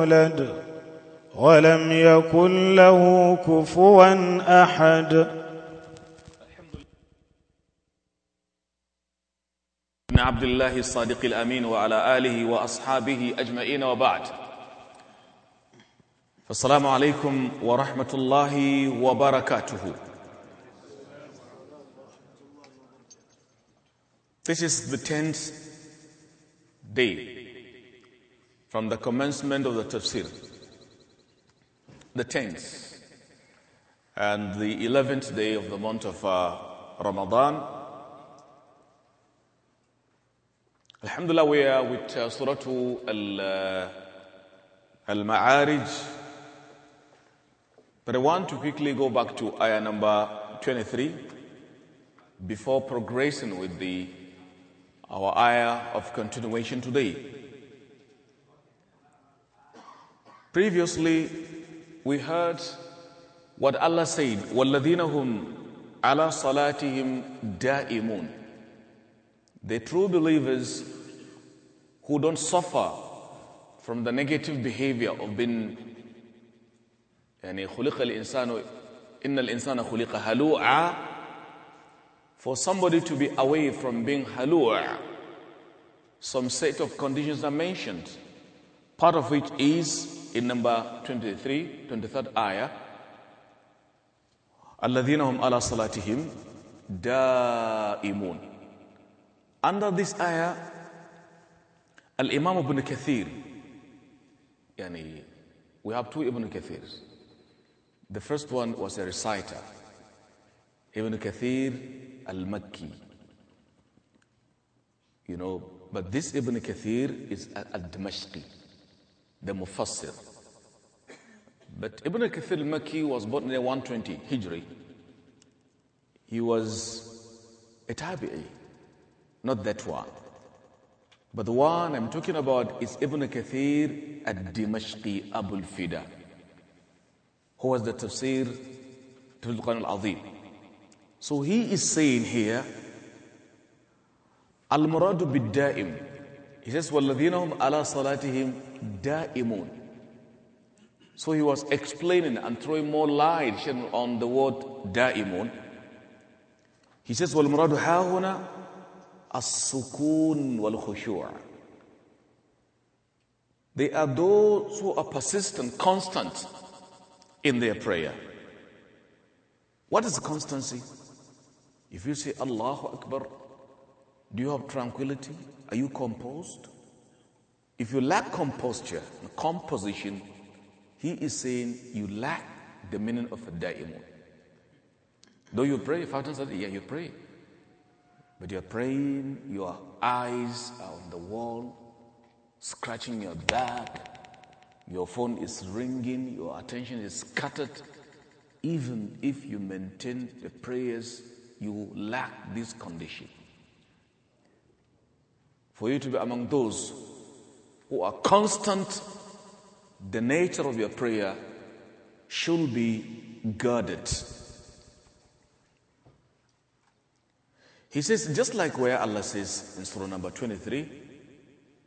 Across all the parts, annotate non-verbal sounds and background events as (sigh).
يولد ولم يكن له كفوا أحد ابن عبد الله الصادق الأمين وعلى آله وأصحابه أجمعين وبعد السلام عليكم ورحمة الله وبركاته This is the tenth day from the commencement of the tafsir, the 10th and the 11th day of the month of uh, Ramadan. Alhamdulillah, we are with uh, Surah Al uh, Ma'arij. But I want to quickly go back to ayah number 23 before progressing with the our ayah of continuation today. Previously, we heard what Allah said, وَالَّذِينَ هُمْ عَلَى صَلَاتِهِمْ دَائِمُونَ The true believers who don't suffer from the negative behavior of being يعني خلق الإنسان إن الإنسان خلق هلوعا For somebody to be away from being halua, some set of conditions are mentioned, part of which is in number 23, 23rd ayah. الَّذِينَ هُمْ عَلَى صَلَاتِهِمْ دَائِمُونَ Under this ayah, Al-Imam Ibn Kathir, yani, we have two Ibn Kathirs. The first one was a reciter, Ibn Kathir al-Makki. You know, but this Ibn Kathir is a damashqi the Mufassir. But Ibn Kathir al-Makki was born in 120 Hijri. He was a tabi'i, not that one. But the one I'm talking about is Ibn Kathir al-Dimashqi Abul Fida, who was the tafsir to the Quran al-Azim. So he is saying here, al-muradu bid-da'im. He says, وَالَّذِينَ هُمْ عَلَى صَلَاتِهِمْ da'imun. So he was explaining and throwing more light on the word da'imun. He says, وَالْمُرَادُ هَاهُنَا السُّكُونُ وَالْخُشُوعُ They are those who are persistent, constant in their prayer. What is constancy? If you say Allahu Akbar, do you have tranquility? Are you composed? If you lack composture, composition, he is saying you lack the meaning of a da'imun. Though you pray I don't day, yeah, you pray. But you're praying, your eyes are on the wall, scratching your back, your phone is ringing, your attention is scattered. Even if you maintain the prayers, you lack this condition. For you to be among those who are constant, the nature of your prayer should be guarded. He says, just like where Allah says in Surah number 23,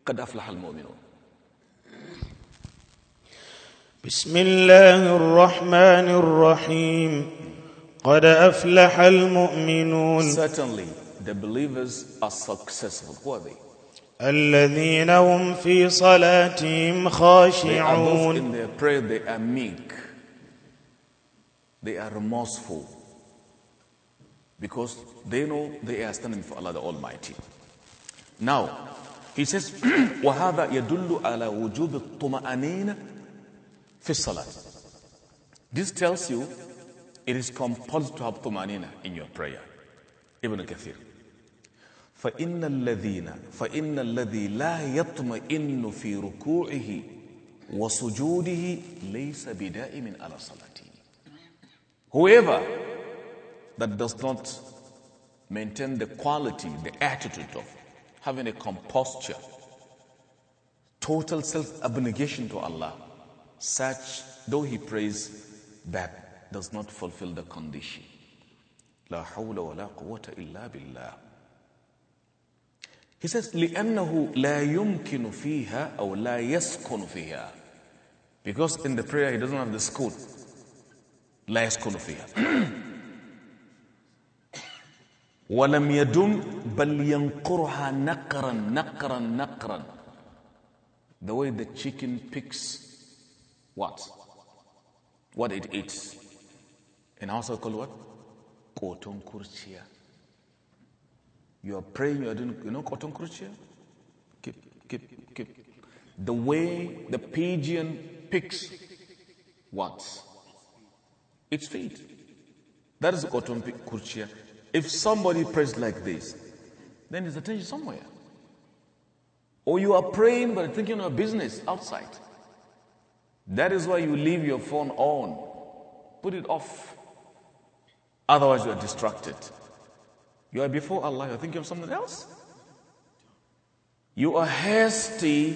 قَدْ أَفْلَحَ الْمُؤْمِنُونَ بسم الله الرحمن الرحيم قد أفلح المؤمنون Certainly the believers are successful. Who are they? الذين هم في صلاتهم خاشعون they are in their prayer they are meek they are remorseful because they know they are standing for Allah the Almighty now he says وهذا يدل على وجوب الطمأنين في الصلاة this tells you it is compulsory to have طمأنينة in your prayer Ibn Kathir فإن الذين فإن الذي لا يطمئن في ركوعه وسجوده ليس بدائم على صلاته. Whoever that does not maintain the quality, the attitude of having a composture, total self abnegation to Allah, such though he prays, that does not fulfill the condition. لا حول ولا قوة إلا بالله. He says, لأنه لا يمكن فيها أو لا يسكن فيها. Because in the prayer he doesn't have the school. لا يسكن فيها. ولم يدم بل ينقرها نقرا نقرا نقرا. The way the chicken picks what? What it eats. And also called what? Koton kurciya. You are praying, you are doing, you know, cotton crochet? Keep, keep, keep. The way the pigeon picks what? Its feet. That is the cotton crochet. If somebody prays like this, then his attention somewhere. Or you are praying but thinking of business outside. That is why you leave your phone on. Put it off. Otherwise, you are distracted. You are before Allah, you're thinking of something else. You are hasty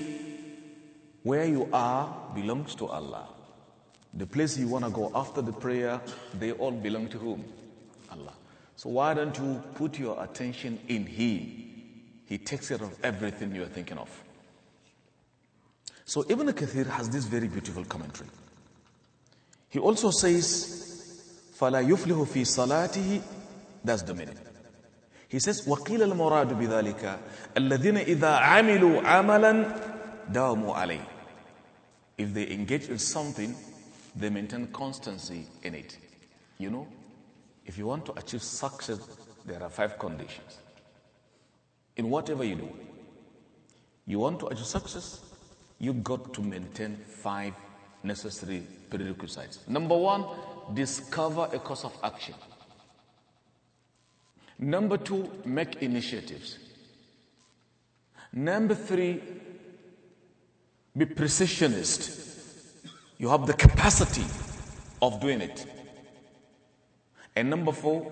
where you are belongs to Allah. The place you want to go after the prayer, they all belong to whom? Allah. So why don't you put your attention in Him? He takes care of everything you are thinking of. So Ibn Kathir has this very beautiful commentary. He also says, فَلَا يُفْلِهُ فِي صَلَاتِهِ That's the minute. He says, وَقِيلَ الْمُرَادُ بِذَلِكَ الَّذِينَ إِذَا عَمِلُوا عَمَلًا دَوْمُوا عَلَيْهِ If they engage in something, they maintain constancy in it. You know, if you want to achieve success, there are five conditions. In whatever you do, you want to achieve success, you've got to maintain five necessary prerequisites. Number one, discover a course of action. Number two, make initiatives. Number three, be precisionist. You have the capacity of doing it. And number four,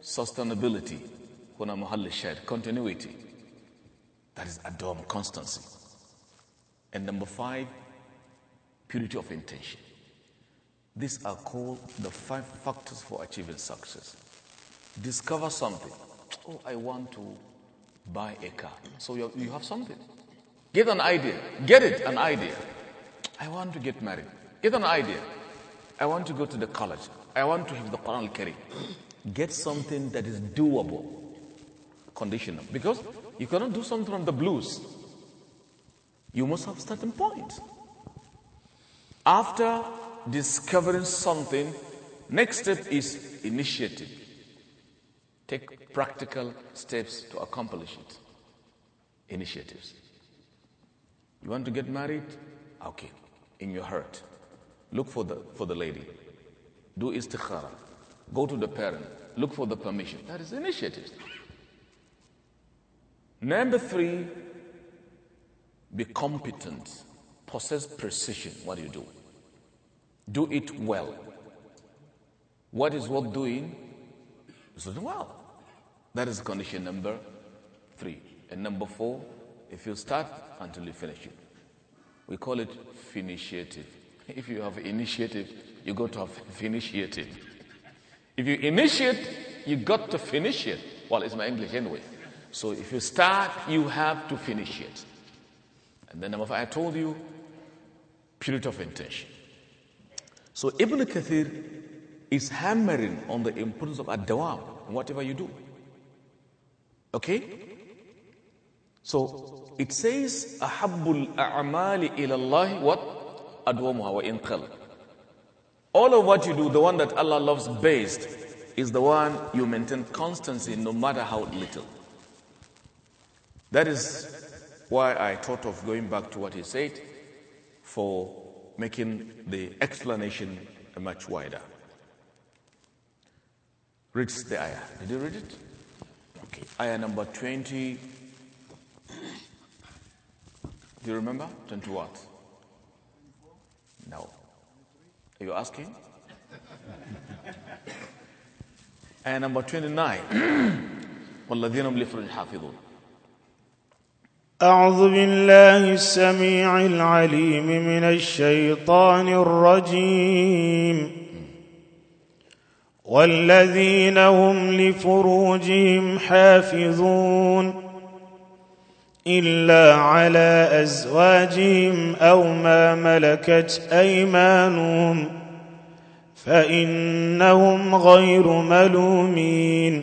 sustainability. shared, continuity. That is adorn, constancy. And number five, purity of intention. These are called the five factors for achieving success discover something. Oh, I want to buy a car. So you have, you have something. Get an idea. Get it, an idea. I want to get married. Get an idea. I want to go to the college. I want to have the Quran carry. Get something that is doable, conditional. Because you cannot do something from the blues. You must have certain point. After discovering something, next step is initiative. Take practical steps to accomplish it. Initiatives. You want to get married? Okay. In your heart. Look for the, for the lady. Do istikhara. Go to the parent. Look for the permission. That is initiatives. Number three, be competent. Possess precision. What do you do? Do it well. What is worth doing? well. That is condition number three. And number four, if you start until you finish it. We call it finitiative. (laughs) If you have initiative, you got to have finitiative. (laughs) If you initiate, you got to finish it. Well, it's my English anyway. So if you start, you have to finish it. And then number five, I told you, purity of intention. So Ibn Kathir is hammering on the importance of ad-dawam, whatever you do. Okay? So it says, "Ahabul a'mali ilallahi what adwamuha wa All of what you do, the one that Allah loves best, is the one you maintain constancy no matter how little. That is why I thought of going back to what he said for making the explanation much wider reads the ayah. Did you read it? Okay. Ayah number 20. Do you remember? 20 what? No. Are you asking? (laughs) ayah number 29. (clears throat) والذين هم لفرج حافظون أعوذ بالله السميع العليم من الشيطان الرجيم والذين هم لفروجهم حافظون الا على ازواجهم او ما ملكت ايمانهم فانهم غير ملومين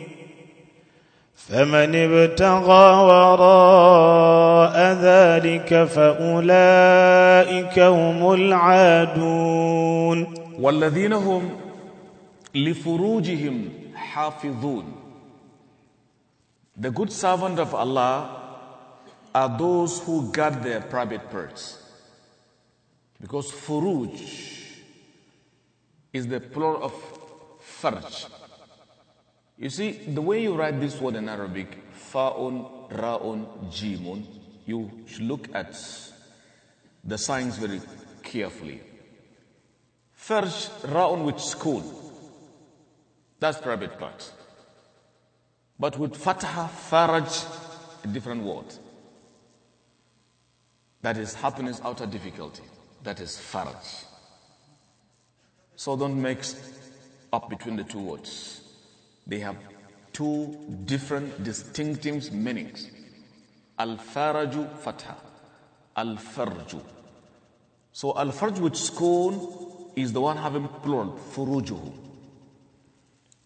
فمن ابتغى وراء ذلك فاولئك هم العادون والذين هم لِفُرُوجِهِمْ حَافِظُونَ The good servant of Allah are those who guard their private parts. Because furuj is the plural of farj. You see, the way you write this word in Arabic, fa'un, ra'un, jimun, you should look at the signs very carefully. Farj, ra'un which school. That's private parts. But with fatha, faraj, a different word. That is happiness out of difficulty. That is faraj. So don't mix up between the two words. They have two different distinctive meanings. Al-faraju fatha. Al-farju. So al-farj with scone is the one having plural, furujuhu.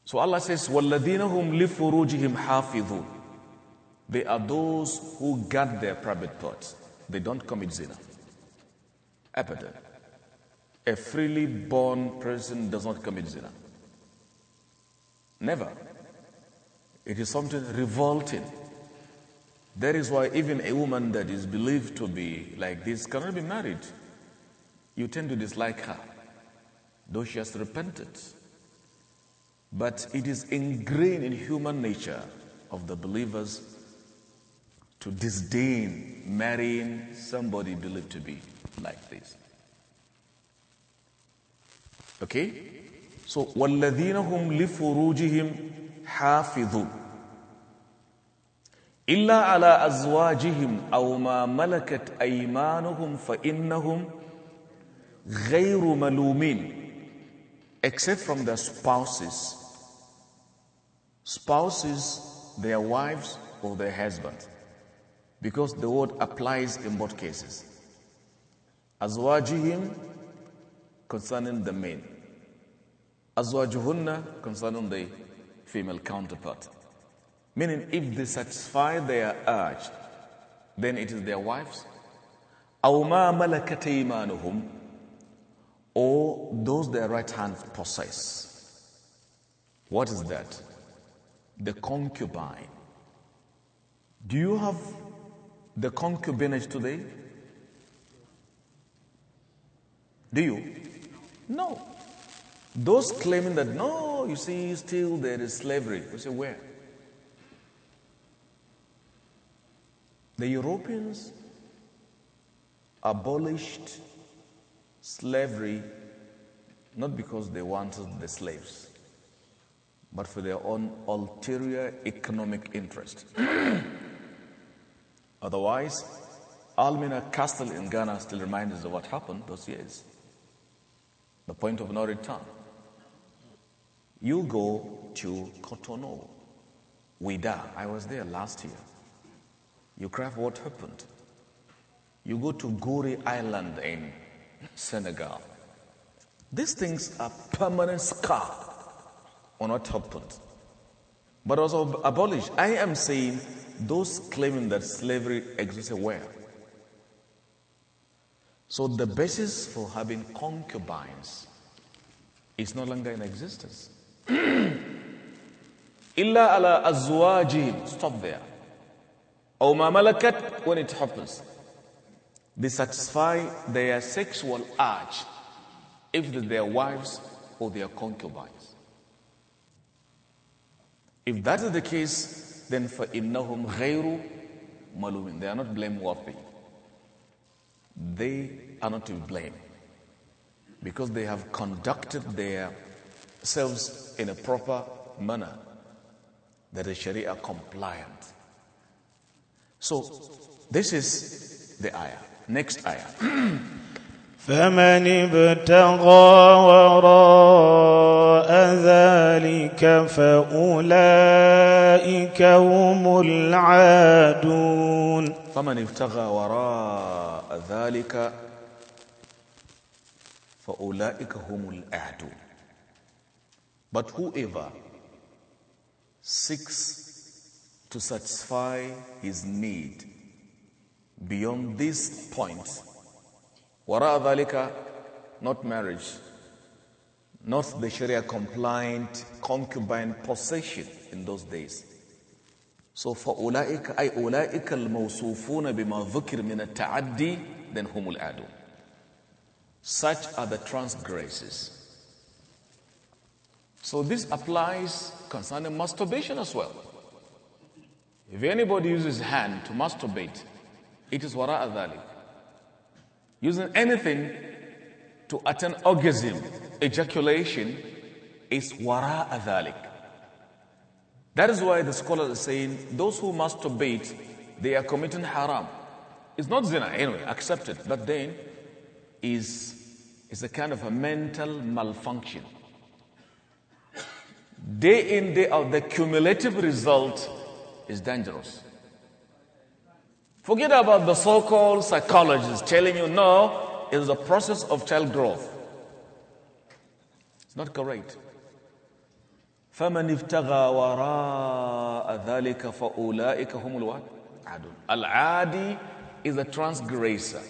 So Allah says, وَالَّذِينَ لِفُرُوجِهِمْ حَافِظُونَ They are those who guard their private parts. They don't commit zina. Abadan. A freely born person does not commit zina. Never. It is something revolting. That is why even a woman that is believed to be like this cannot be married. You tend to dislike her, though she has repented but it is ingrained in human nature of the believers to disdain marrying somebody believed to be like this. Okay? So, وَالَّذِينَ هُمْ لِفُرُوجِهِمْ حَافِظُونَ إِلَّا عَلَىٰ أَزْوَاجِهِمْ أَوْ مَا مَلَكَتْ أَيْمَانُهُمْ فَإِنَّهُمْ غَيْرُ مَلُومِينَ Except from their spouses spouses, their wives, or their husbands. Because the word applies in both cases. Azwajihim concerning the men. Azwajuhunna concerning the female counterpart. Meaning, if they satisfy their urge, then it is their wives. Awma malakataymanuhum, or those their right hand possess. What is that? the concubine. Do you have the concubinage today? Do you? No. Those claiming that, no, you see, still there is slavery. You say, where? The Europeans abolished slavery not because they wanted the slaves but for their own ulterior economic interest. (clears throat) Otherwise, Almina Castle in Ghana still reminds us of what happened those years. The point of no return. You go to Cotonou, Ouida. I was there last year. You cry for what happened. You go to Guri Island in Senegal. These things are permanent scars on what happened, but also abolished. I am saying those claiming that slavery existed where? So the basis for having concubines is no longer in existence. (clears throat) Illa ala azwajin. Stop there. O ma malakat when it happens. They satisfy their sexual urge if they're their wives or their concubines. If that is the case, then for innahum ghayru malumin They are not blameworthy. They are not to be blamed because they have conducted themselves in a proper manner that is Sharia compliant. So, this is the ayah. Next ayah. (clears throat) فمن ابتغى وراء ذلك فأولئك هم العادون فمن ابتغى وراء ذلك فأولئك هم العادون But whoever seeks to satisfy his need beyond this point Wara dhalika, not marriage, not the Sharia compliant concubine possession in those days. So for فأولئك أي أولئك الموصوفون بما ذكر من taddi then humul adu. Such are the transgressors. So this applies concerning masturbation as well. If anybody uses hand to masturbate, it is wara adhalik. Using anything to attain orgasm, ejaculation, is wara adhalik. That is why the scholars are saying those who masturbate, they are committing haram. It's not zina anyway, accepted. But then, is is a kind of a mental malfunction. Day in day out, the cumulative result is dangerous. Forget about the so called psychologists telling you no, it's a process of child growth. It's not correct. فمن ابتغى وراء ذلك فأولئك هم الواد العادي is a transgressor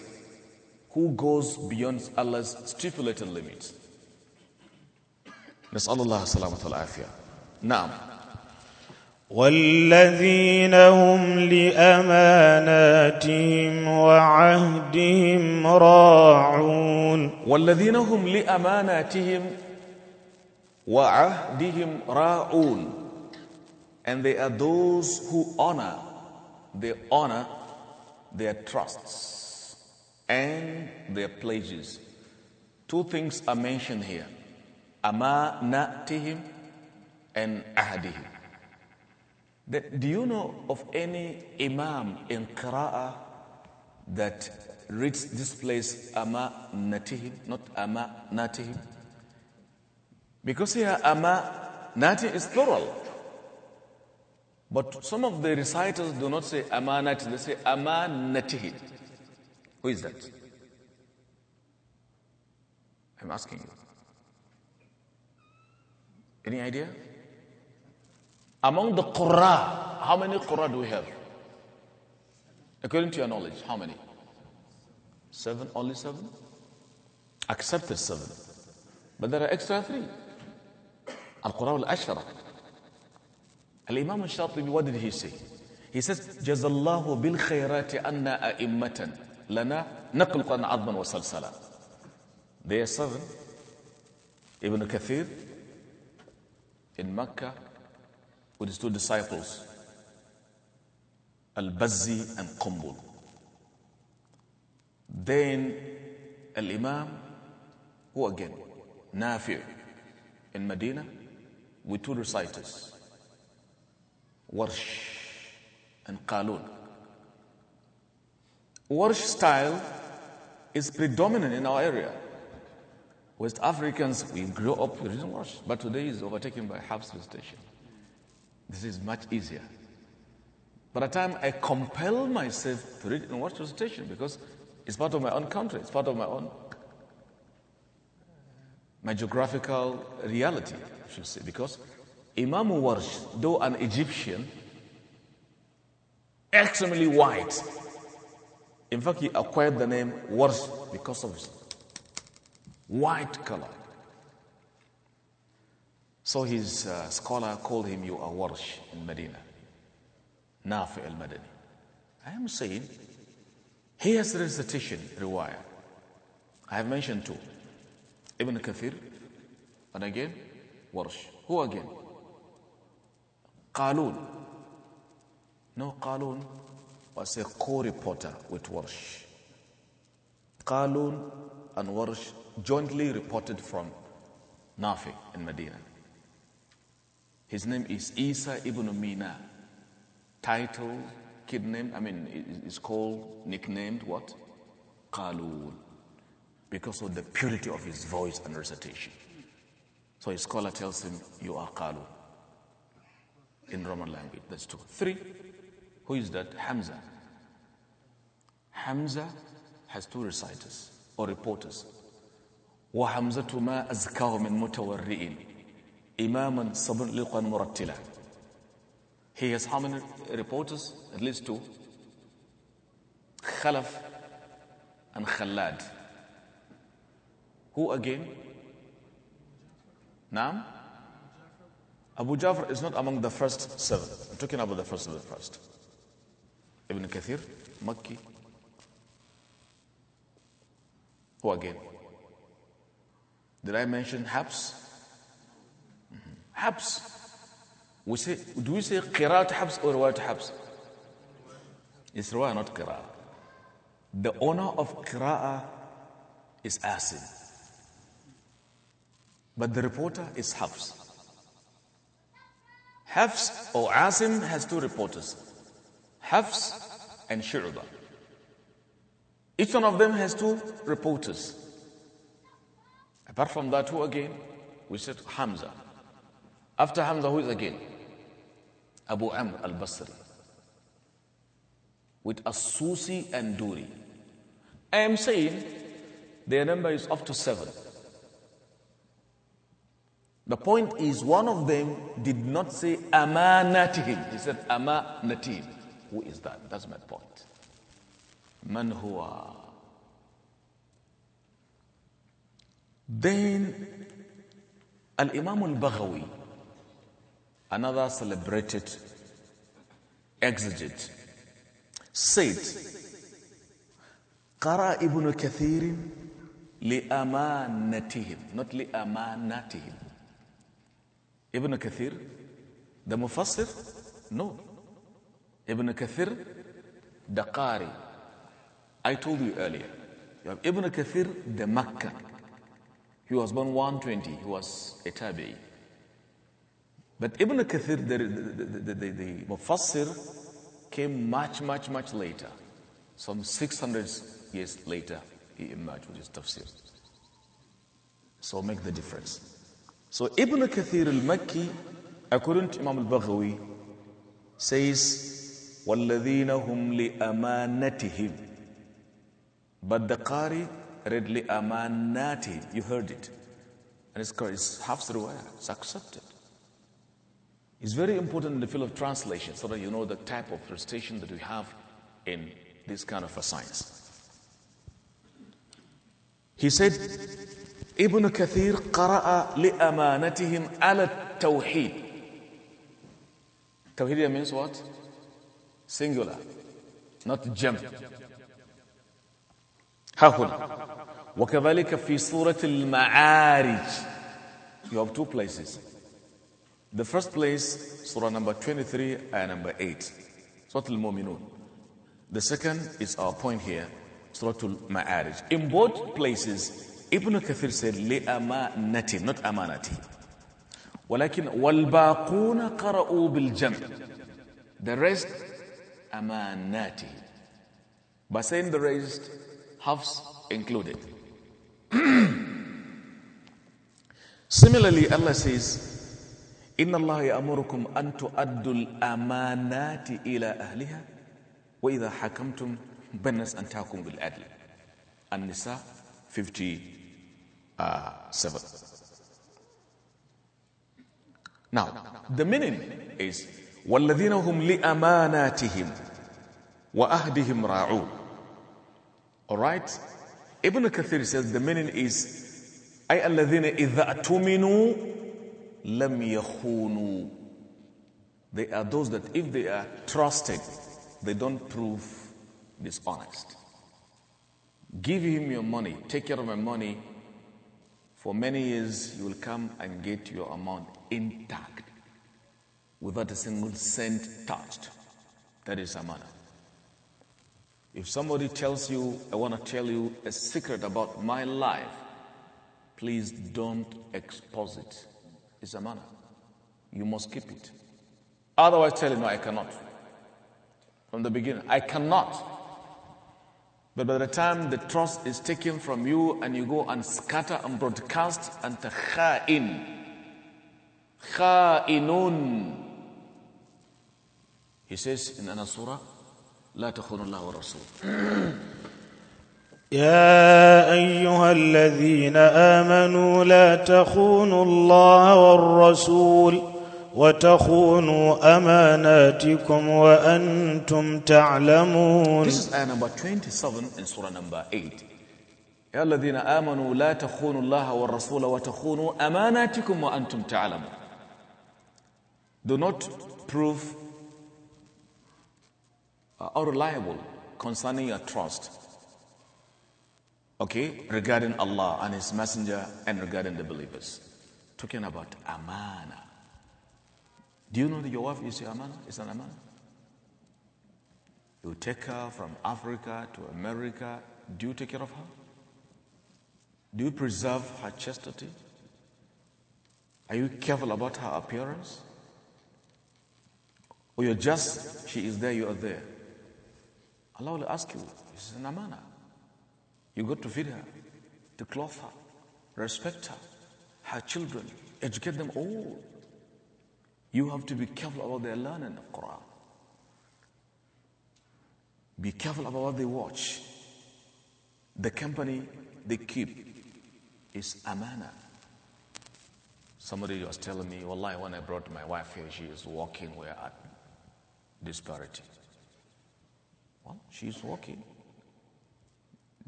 who goes beyond Allah's stipulated limits. نسأل الله السلامة والعافية. نعم. والذين هم لأماناتهم وعهدهم راعون والذين هم لأماناتهم وعهدهم راعون And they are those who honor, they honor their trusts and their pledges. Two things are mentioned here. Amanatihim and ahadihim. That, do you know of any imam in Qira'ah that reads this place ama natihim, not ama natihim? Because here ama natihim is plural. But some of the reciters do not say amanat, they say amanatihi. Who is that? I'm asking you. Any idea? Among the Qurra, how many Qurra do we have? According to your knowledge, how many? Seven, only seven? Accepted seven. But there are extra three. Al-Qurra al-Ashara. Al-Imam al-Shatibi, what did he say? He says, جزا الله بالخيرات أن أئمة لنا نقل قرآن عظما وسلسلا. They are seven. Ibn Kathir in Makkah with his two disciples, Al-Bazzi and Qumbul. Then Al-Imam, who again? Nafi in Medina with two reciters, Warsh and Qalun. Warsh style is predominant in our area. West Africans, we grew up with Warsh, but today is overtaken by Habs station. This is much easier. By the time I compel myself to read and watch recitation, because it's part of my own country, it's part of my own, my geographical reality, I should say, because Imam Warsh, though an Egyptian, extremely white. In fact, he acquired the name Warsh because of white color. So his uh, scholar called him, You are Warsh in Medina. Nafi al Madani. I am saying, here's the recitation riwayah. I have mentioned two Ibn Kathir, and again, Warsh. Who again? Qalun. No, Qalun was a co reporter with Warsh. Qalun and Warsh jointly reported from Nafi in Medina. His name is Isa ibn Mina. Title, kidnamed, I mean, it's called, nicknamed what? Qalul, Because of the purity of his voice and recitation. So his scholar tells him, You are Qalul." In Roman language. That's two. Three. Who is that? Hamza. Hamza has two reciters or reporters. وَحَمْزَةُ مَا أَزْكَاهُ مِنْ مُتَوَرِّئٍ Imam and Sabrliqan Murattila. He has how many reporters? At least two. Khalaf and Khalad. Who again? Naam? Abu Jafar is not among the first seven. I'm talking about the first of the first. Ibn Kathir, Makki. Who again? Did I mention Habs? حبس. We say, do we say قراءة حبس or what حبس? It's رواية not قراءة. The owner of قراءة is Asim. But the reporter is Hafs. Hafs or Asim has two reporters, Hafs and Shu'ba. Each one of them has two reporters. Apart from that, who again? We said Hamza. After Hamza, who is again? Abu Amr al Basri. With Asusi and Duri. I am saying their number is up to seven. The point is, one of them did not say amanatihim. He said amanatim. Who is that? That's my point. Man huwa. Then Al Imam Al Baghawi another celebrated exegete, said, Qara ibn Kathir li'amanatihim, not li li'amanatihim. Ibn Kathir, the Mufassir? No. Ibn Kathir, the Qari. I told you earlier, you have Ibn Kathir, the Makkah. He was born 120, he was a Tabi'i. But Ibn Kathir, the, the, the, the, Mufassir, came much, much, much later. Some 600 years later, he emerged with his tafsir. So make the difference. So Ibn Kathir al-Makki, according to Imam al-Baghawi, says, وَالَّذِينَ هُمْ لِأَمَانَتِهِمْ But the Qari read لِأَمَانَاتِهِمْ You heard it. And it's, it's half through it's accepted. It's very important in the field of translation so that you know the type of prestation that we have in this kind of a science. He said, Ibn Kathir qara'a li'amanatihim ala tawheed. Tawhid means what? Singular, not jam. ها هنا وكذلك في سورة المعارج you have two places the first place, Surah number 23 and number 8, Surah Al-Mu'minun. The second is our point here, Surah Al-Ma'arij. In both places, Ibn Kathir said, لِأَمَانَةٍ, not amanati. ولكن والباقون قرأوا بالجمع. The rest, amanati. By saying the rest, halves included. (clears throat) Similarly, Allah says, إن الله يأمركم أن تؤدوا الأمانات إلى أهلها وإذا حكمتم بنس أن تحكم بالعدل النساء 57 Now, the meaning is والذين هم لأماناتهم وأهدهم راعون Alright? Ibn Kathir says the meaning is أي الذين إذا أتمنوا lam yakhunu. They are those that if they are trusted, they don't prove dishonest. Give him your money, take care of my money. For many years, you will come and get your amount intact without a single cent touched. That is amana. If somebody tells you, I want to tell you a secret about my life, please don't expose it is amana. You must keep it. Otherwise, tell him, no, I cannot. From the beginning, I cannot. But by the time the trust is taken from you and you go and scatter and broadcast and to kha'in, kha'inun. He says in another surah, لا تخون الله ورسوله. أيها الذين آمنوا لا تخونوا الله والرسول وتخونوا أماناتكم وأنتم تعلمون This is ayah number 27 in surah number 8 يا الذين آمنوا لا تخونوا الله والرسول وتخونوا أماناتكم وأنتم تعلمون Do not prove unreliable uh, concerning your trust okay, regarding Allah and His Messenger and regarding the believers. Talking about amana. Do you know that your wife is your amana? Is an amana. You take her from Africa to America. Do you take care of her? Do you preserve her chastity? Are you careful about her appearance? Or you're just, she is there, you are there. Allah will ask you, this is an amana. You got to feed her, to clothe her, respect her, her children, educate them all. You have to be careful about their learning of Quran. Be careful about what they watch. The company they keep is amana. Somebody was telling me, Wallahi, when I brought my wife here, she is walking, we're at disparity. Well, she's walking.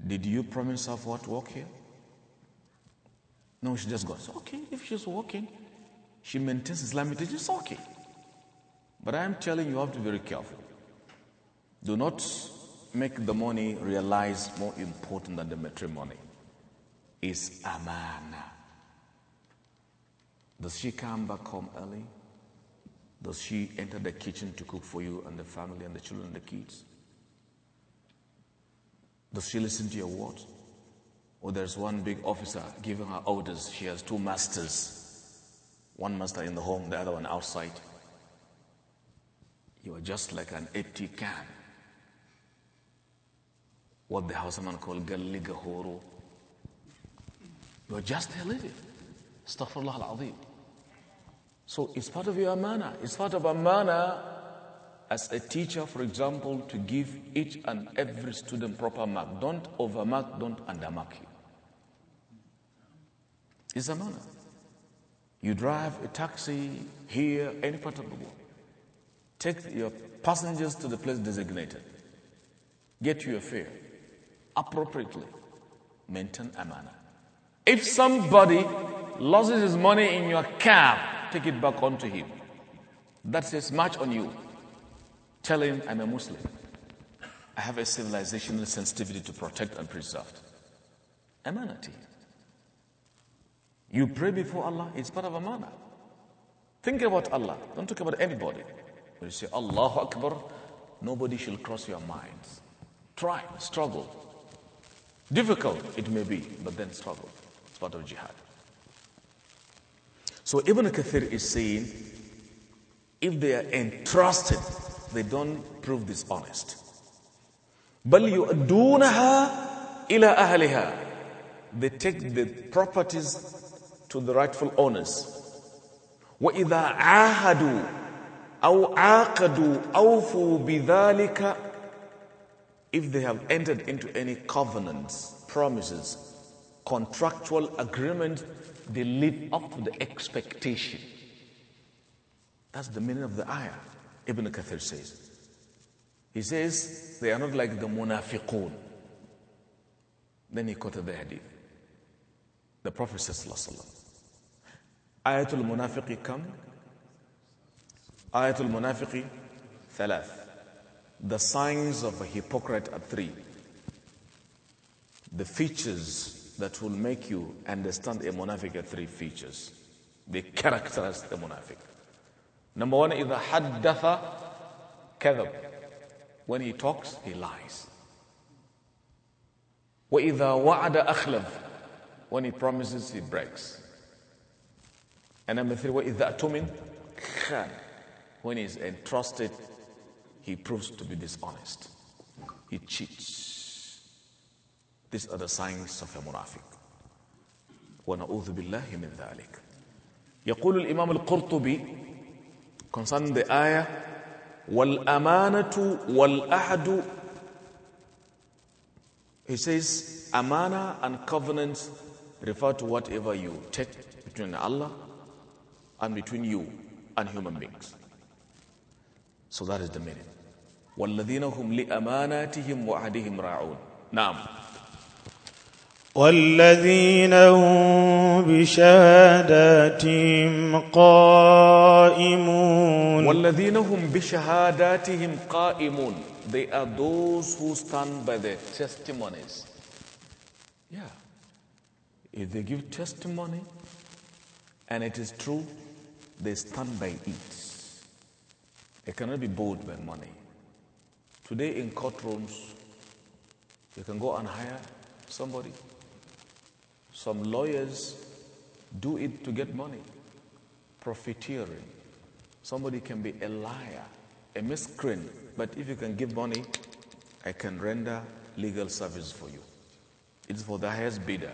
Did you promise her for what to work here? No, she just goes, okay, if she's working, she maintains Islamic teaching, it's okay. But I am telling you, you have to be very careful. Do not make the money realize more important than the matrimony is amana. Does she come back home early? Does she enter the kitchen to cook for you and the family and the children and the kids? Does she listen to your word? Or there's one big officer giving her orders. She has two masters. One master in the home, the other one outside. You are just like an empty can. What the houseman called galligahoro. You are just a living. Astaghfirullah al-azim. So it's part of your amana. It's part of our as a teacher, for example, to give each and every student proper mark. Don't overmark, don't undermark him. It's a manner. You drive a taxi here, any part of the world. Take your passengers to the place designated. Get your fare appropriately. Maintain a manner. If somebody loses his money in your cab, take it back onto him. That says much on you. Tell him, I'm a Muslim. I have a civilizational sensitivity to protect and preserve. Amanati. You pray before Allah, it's part of amana. Think about Allah. Don't talk about anybody. When you say Allahu Akbar, nobody shall cross your minds. Try, struggle. Difficult it may be, but then struggle. It's part of jihad. So Ibn Kathir is saying, if they are entrusted they don't prove dishonest. بَلْ يُؤَدُّونَهَا إِلَىٰ أَهْلِهَا They take the properties to the rightful owners. وَإِذَا عَاهَدُوا أَوْ عَاقَدُوا أَوْفُوا بِذَٰلِكَ If they have entered into any covenants, promises, contractual agreement, they live up to the expectation. That's the meaning of the ayah. Ibn Kathir says. He says they are not like the munafiqun. Then he quoted the hadith. The Prophet says, Ayatul munafiqi kam? Ayatul munafiqi thalath. The signs of a hypocrite are three. The features that will make you understand a munafiq are three features. They characterize the munafiq. Number one, إذا حدث كذب. When he talks, he lies. وإذا وعد أخلف. When he promises, he breaks. And number three, وإذا أتمن خان. When he is entrusted, he proves to be dishonest. He cheats. These are the signs of a munafiq. ونعوذ بالله من ذلك. يقول الإمام القرطبي concerning the ayah wal-amanatu wal-ahdu he says amana and covenant refer to whatever you take between Allah and between you and human beings so that is the meaning والذين هم لأماناتهم وعهدهم راعون نعم والذين هم بشهاداتهم قائمون والذين هم بشهاداتهم قائمون They are those who stand by their testimonies. Yeah. If they give testimony and it is true, they stand by it. They cannot be bought by money. Today in courtrooms, you can go and hire somebody some lawyers do it to get money, profiteering. Somebody can be a liar, a miscreant, but if you can give money, I can render legal service for you. It's for the highest bidder.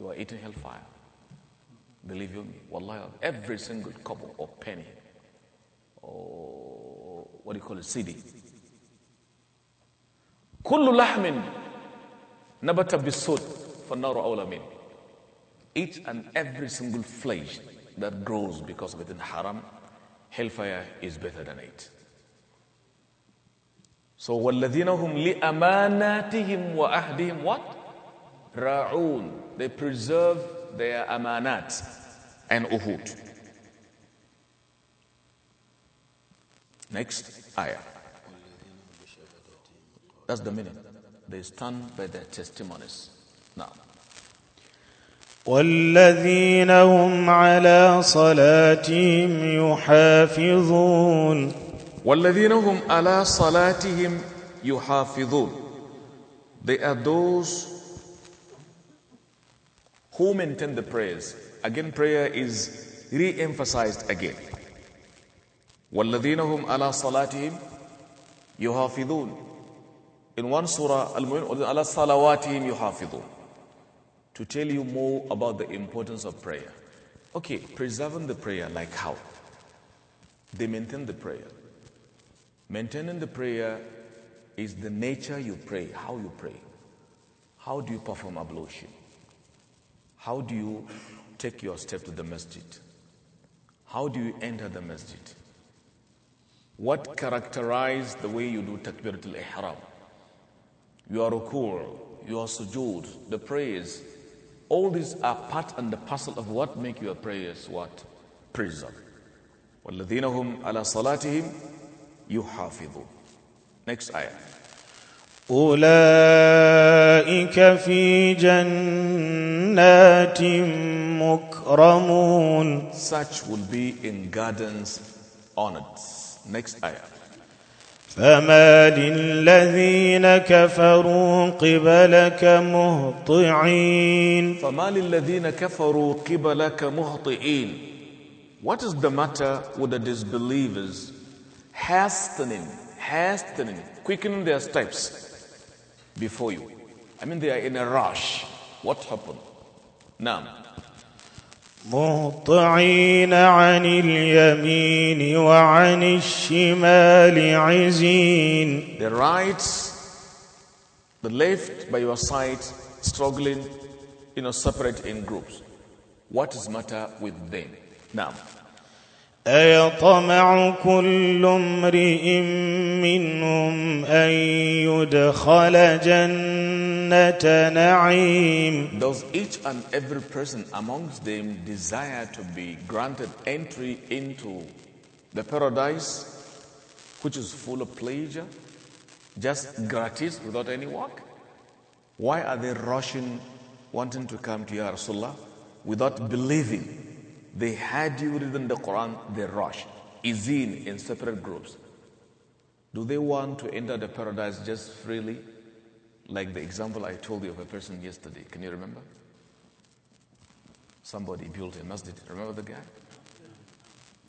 You are eating hellfire. Believe you me, wallahi, every single couple or penny or what do you call it, CD. كل لحم نبت بالسود فَالنَّارُ أَوْلَى مِنْ Each and every single flesh that grows because of it in haram, hellfire is better than it. So وَالَّذِينَ هُمْ لِأَمَانَاتِهِمْ وَأَهْدِهِمْ What? Ra'un. They preserve their amanat and uhud. Next ayah. That's the meaning. They stand by their testimonies. نعم والذين هم على صلاتهم يحافظون والذين هم على صلاتهم يحافظون They are those who maintain the prayers. Again, prayer is re-emphasized again. والذين هم على صلاتهم يحافظون. In one surah, al على صلواتهم يحافظون. to tell you more about the importance of prayer. Okay, preserving the prayer, like how? They maintain the prayer. Maintaining the prayer is the nature you pray, how you pray. How do you perform ablution? How do you take your step to the masjid? How do you enter the masjid? What characterizes the way you do takbiratul ihram? Your you your sujood, the praise, all these are part and the parcel of what make your prayers what? Preserve. وَالَّذِينَ هُمْ عَلَى صَلَاتِهِمْ يُحَافِظُونَ Next ayah. أولئك في جنات مكرمون Such will be in gardens honored. Next ayah. فما للذين كفروا قبلك مهطعين فما للذين كفروا قبلك مهطعين What is the matter with the disbelievers hastening hastening quickening their steps before you I mean they are in a rush what happened Now مهطعين عن اليمين وعن الشمال عزين The right, the left by your side struggling, you know, separate in groups. What is matter with them? Now, أيطمع كل امرئ منهم أن يدخل جنة نعيم Does each and every person amongst them desire to be granted entry into the paradise which is full of pleasure, just gratis without any work? Why are they rushing, wanting to come to Ya Rasulullah without believing they had you reading the Quran, they rush. Izin in separate groups. Do they want to enter the paradise just freely? Like the example I told you of a person yesterday. Can you remember? Somebody built a masjid. Remember the guy?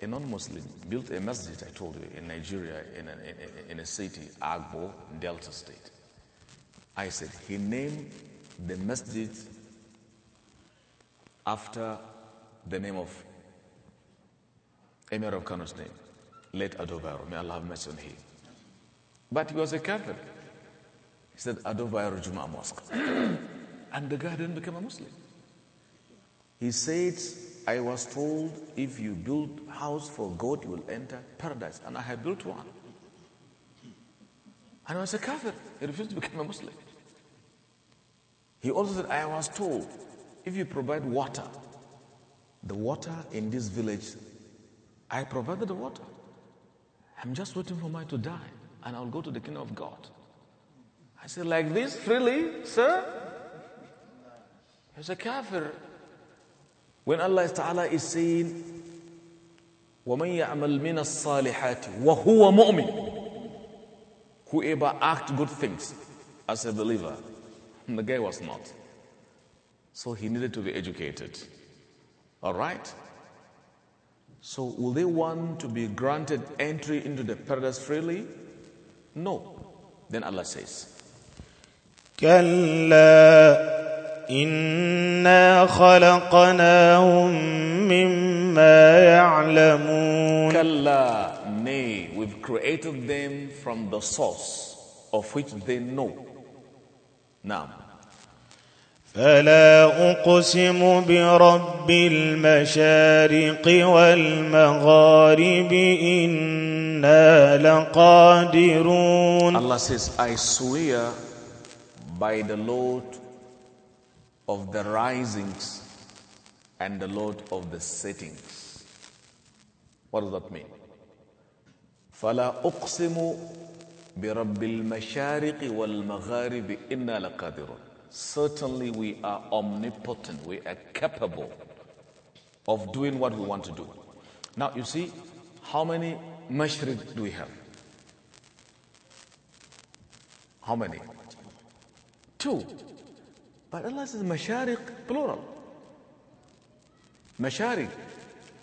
A non Muslim built a masjid, I told you, in Nigeria, in a, in a, in a city, Agbo, Delta State. I said, he named the masjid after the name of Emir of Kano's name, late Adobaro. May Allah have mercy on him. But he was a Catholic. He said, Adobaro Juma Mosque. (clears throat) and the guy didn't become a Muslim. He said, I was told if you build house for God, you will enter paradise. And I have built one. And I was a Catholic. He refused to become a Muslim. He also said, I was told if you provide water the water in this village, I provided the water. I'm just waiting for my to die, and I'll go to the kingdom of God. I said, like this, freely, sir? He's a kafir. When Allah Ta'ala is saying, وَمَنْ يَعْمَلْ مِنَ الصَّالِحَاتِ وَهُوَ مُؤْمِنٌ Whoever acts good things as a believer, and the guy was not. So he needed to be educated. All right? So, will they want to be granted entry into the paradise freely? No. Then Allah says, كلا إنا خلقناهم مما يعلمون كلا nay we've created them from the source of which they know now فلا أقسم برب المشارق والمغارب إنا لقادرون Allah says, I swear by the Lord of the risings and the Lord of the settings. What does that mean? فلا أقسم برب المشارق والمغارب إنا لقادرون Certainly, we are omnipotent. We are capable of doing what we want to do. Now, you see, how many mashriq do we have? How many? Two. But Allah says mashariq, plural. Mashariq.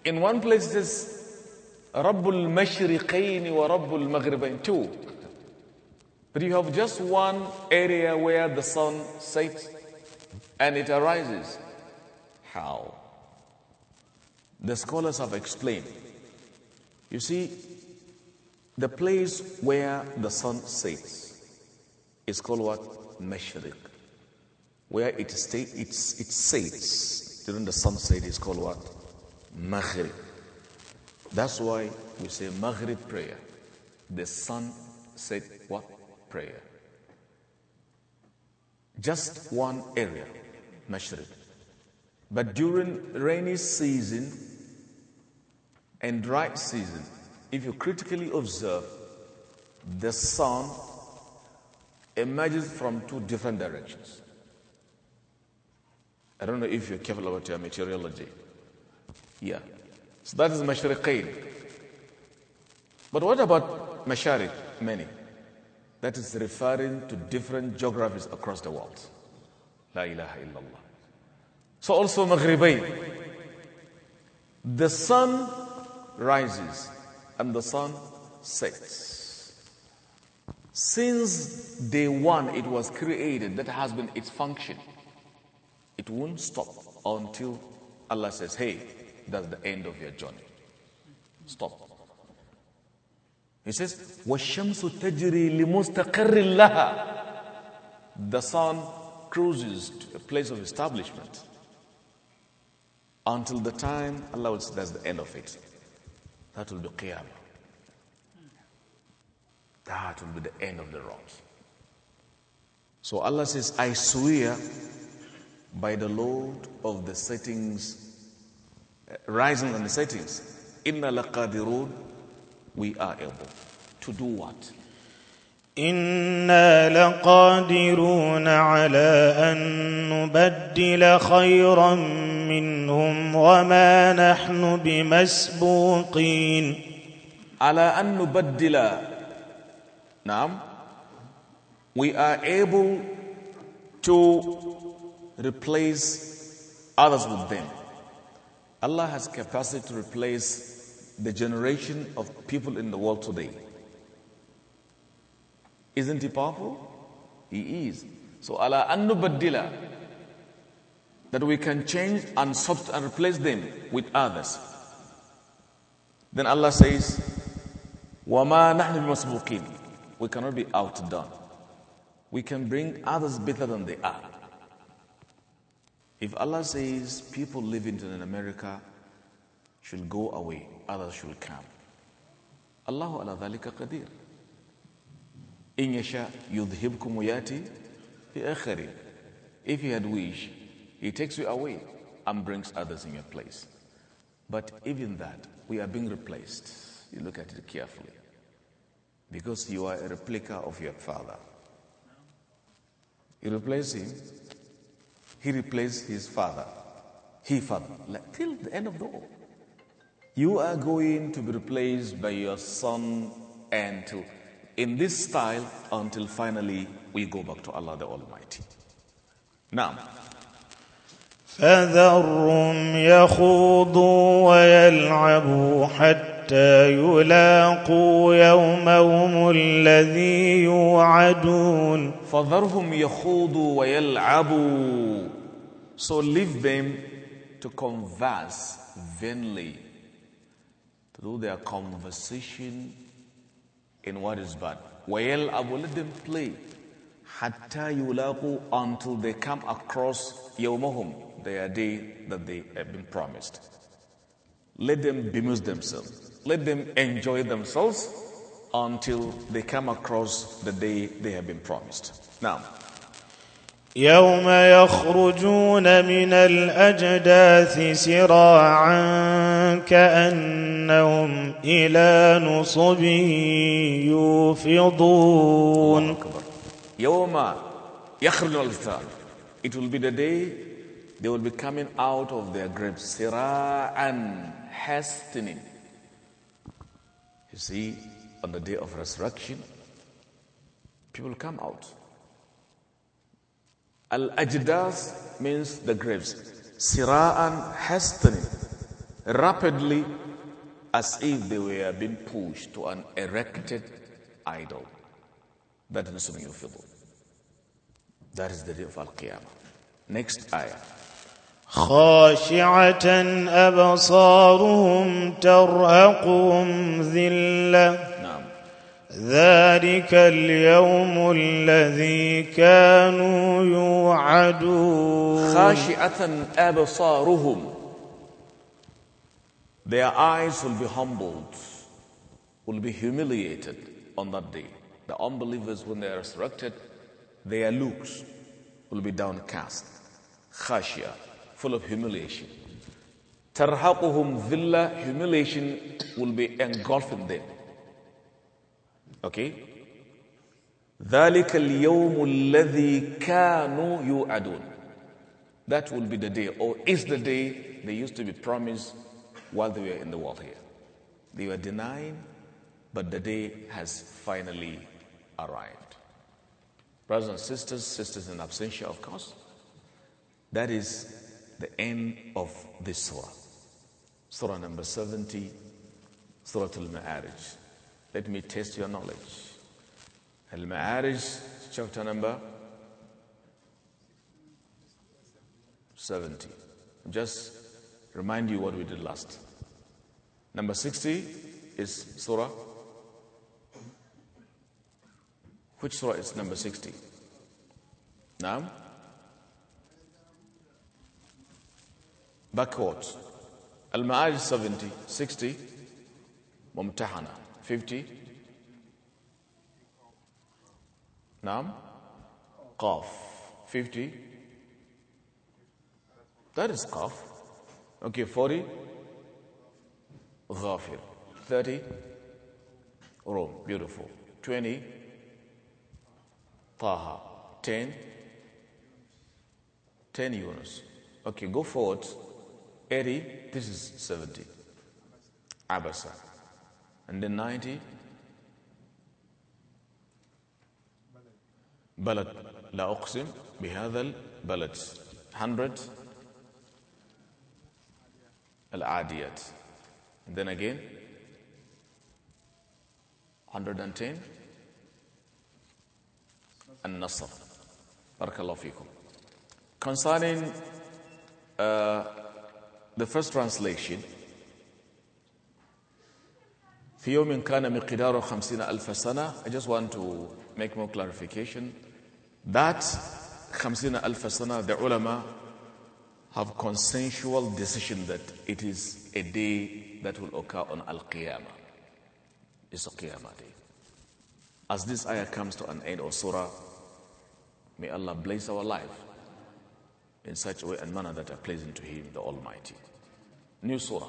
In one place it says Rabbul Mashriqain wa Rabbul Maghribain. Two. But you have just one area where the sun sets and it arises. How? The scholars have explained. You see, the place where the sun sets is called what? Mashriq. Where it, stay, It's it sets during the sunset is called what? Maghrib. That's why we say Maghrib prayer. The sun set what? prayer. Just one area, Mashriq. But during rainy season and dry season, if you critically observe, the sun emerges from two different directions. I don't know if you're careful about your meteorology. Yeah. So that is Mashriqain. But what about Mashari? Many. That is referring to different geographies across the world. La ilaha illallah. So also Maghribain. The sun rises and the sun sets. Since day one it was created, that has been its function. It won't stop until Allah says, Hey, that's the end of your journey. Stop. He says, وَالشَّمْسُ تَجْرِي لِمُسْتَقَرٍ لَهَا The sun cruises to a place of establishment until the time Allah will say that's the end of it. That will be Qiyamah. That will be the end of the road. So Allah says, I swear by the Lord of the settings, uh, rising and the settings. Inna road." we are able to do what? انا لقادرون على ان نبدل خيرا منهم وما نحن بمسبوقين على ان نبدل نعم we are able to replace others with them Allah has capacity to replace the generation of people in the world today. Isn't he powerful? He is. So, Allah annubaddila, that we can change and substitute and replace them with others. Then Allah says, وَمَا nahni بِمَسْبُوقِينَ We cannot be outdone. We can bring others better than they are. If Allah says people living in America should go away, others should come. Allahu ala dhalika qadir. In yasha yudhibkum yati bi akharin. If he had wish, he takes you away and brings others in your place. But even that, we are being replaced. You look at it carefully. Because you are a replica of your father. You replace him, he replaced his father. He father. till the end of the world. You are going to be replaced by your son until, in this style, until finally we go back to Allah the Almighty. Now, فذرهم يخوضوا ويلعبوا حتى يلاقوا يومهم الذي يوعدون فذرهم يخوضوا ويلعبوا So leave them to converse vainly through their conversation in what is bad. Well, I will let them play. Hatta yulaqu until they come across yawmahum, their day that they have been promised. Let them bemuse themselves. Let them enjoy themselves until they come across the day they have been promised. Now, يوم يخرجون من الأجداث سراعا كأنهم إلى نصب يوفضون يوم يخرج الأجداث It will be the day they will be coming out of their graves سراعا hastening You see on the day of resurrection people come out Al Ajdas means the graves. Sira'an hastening, rapidly as if they were being pushed to an erected idol. That is the Yufidul. That is the day of Al Qiyamah. Next ayah. خاشعة أبصارهم ترهقهم ذلة ذلك اليوم الذي كانوا يوعدون خاشعة أبصارهم Their eyes will be humbled, will be humiliated on that day. The unbelievers, when they are resurrected, their looks will be downcast. Khashia, full of humiliation. Tarhaquhum villa, humiliation will be engulfing them. Okay? ذلك اليوم الذي كانوا That will be the day, or is the day they used to be promised while they were in the world here. They were denying, but the day has finally arrived. Brothers and sisters, sisters in absentia, of course, that is the end of this surah. Surah number 70, Surah Al Ma'arij. Let me test your knowledge. Al Ma'arij, chapter number 70. Just remind you what we did last. Number 60 is Surah. Which Surah is number 60? Now? Backwards. Al Ma'arij 70, 60, Mumtahana. 50 Nam. Qaf. 50 that is Qaf. okay 40 Ghafir. 30 Rome beautiful 20 Taha. 10 10 Yunus okay go forward 80 this is 70 Abasa and then 90. بلد لا أقسم بهذا البلد 100 العاديات and then again 110 النصر بارك الله concerning uh, the first translation في يوم كان مقداره خمسين ألف سنة I just want to make more clarification that خمسين ألف سنة the ulama have consensual decision that it is a day that will occur on Al-Qiyamah it's a Qiyamah day as this ayah comes to an end or surah may Allah bless our life in such a way and manner that are pleasing to Him the Almighty new surah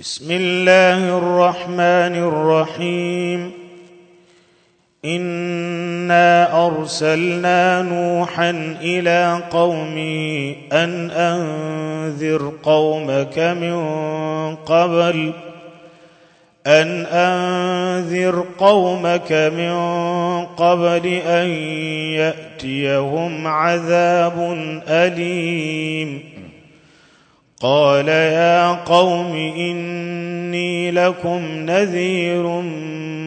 بسم الله الرحمن الرحيم انا ارسلنا نوحا الى قومي ان انذر قومك من قبل ان انذر قومك من قبل ان ياتيهم عذاب اليم قال يا قوم إني لكم نذير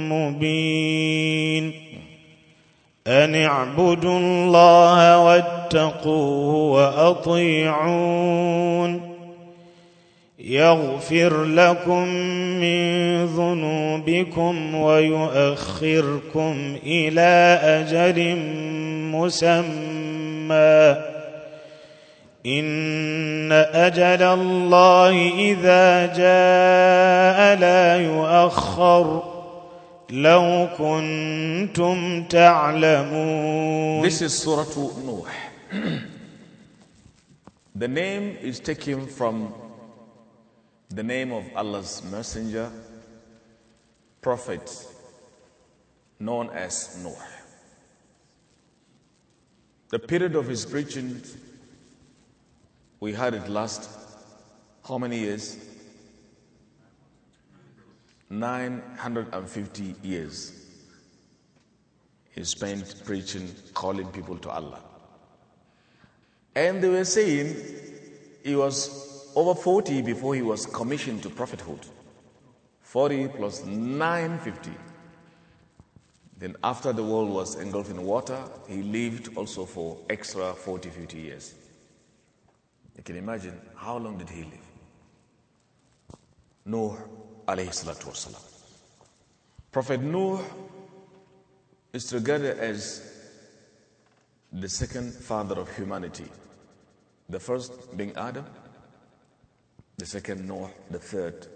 مبين أن اعبدوا الله واتقوه وأطيعون يغفر لكم من ذنوبكم ويؤخركم إلى أجل مسمى ان اجل الله اذا جاء لا يؤخر لو كنتم تعلمون This is Surah Nuh. the name is taken from the name of Allah's messenger, prophet, known as Noah. The period of his preaching We had it last, how many years? 950 years. He spent preaching, calling people to Allah. And they were saying he was over 40 before he was commissioned to prophethood. 40 plus 950. Then, after the world was engulfed in water, he lived also for extra 40, 50 years. You can imagine how long did he live? Noah alayhi salatu wasalam. Prophet Noah is regarded as the second father of humanity. The first being Adam, the second Noah, the third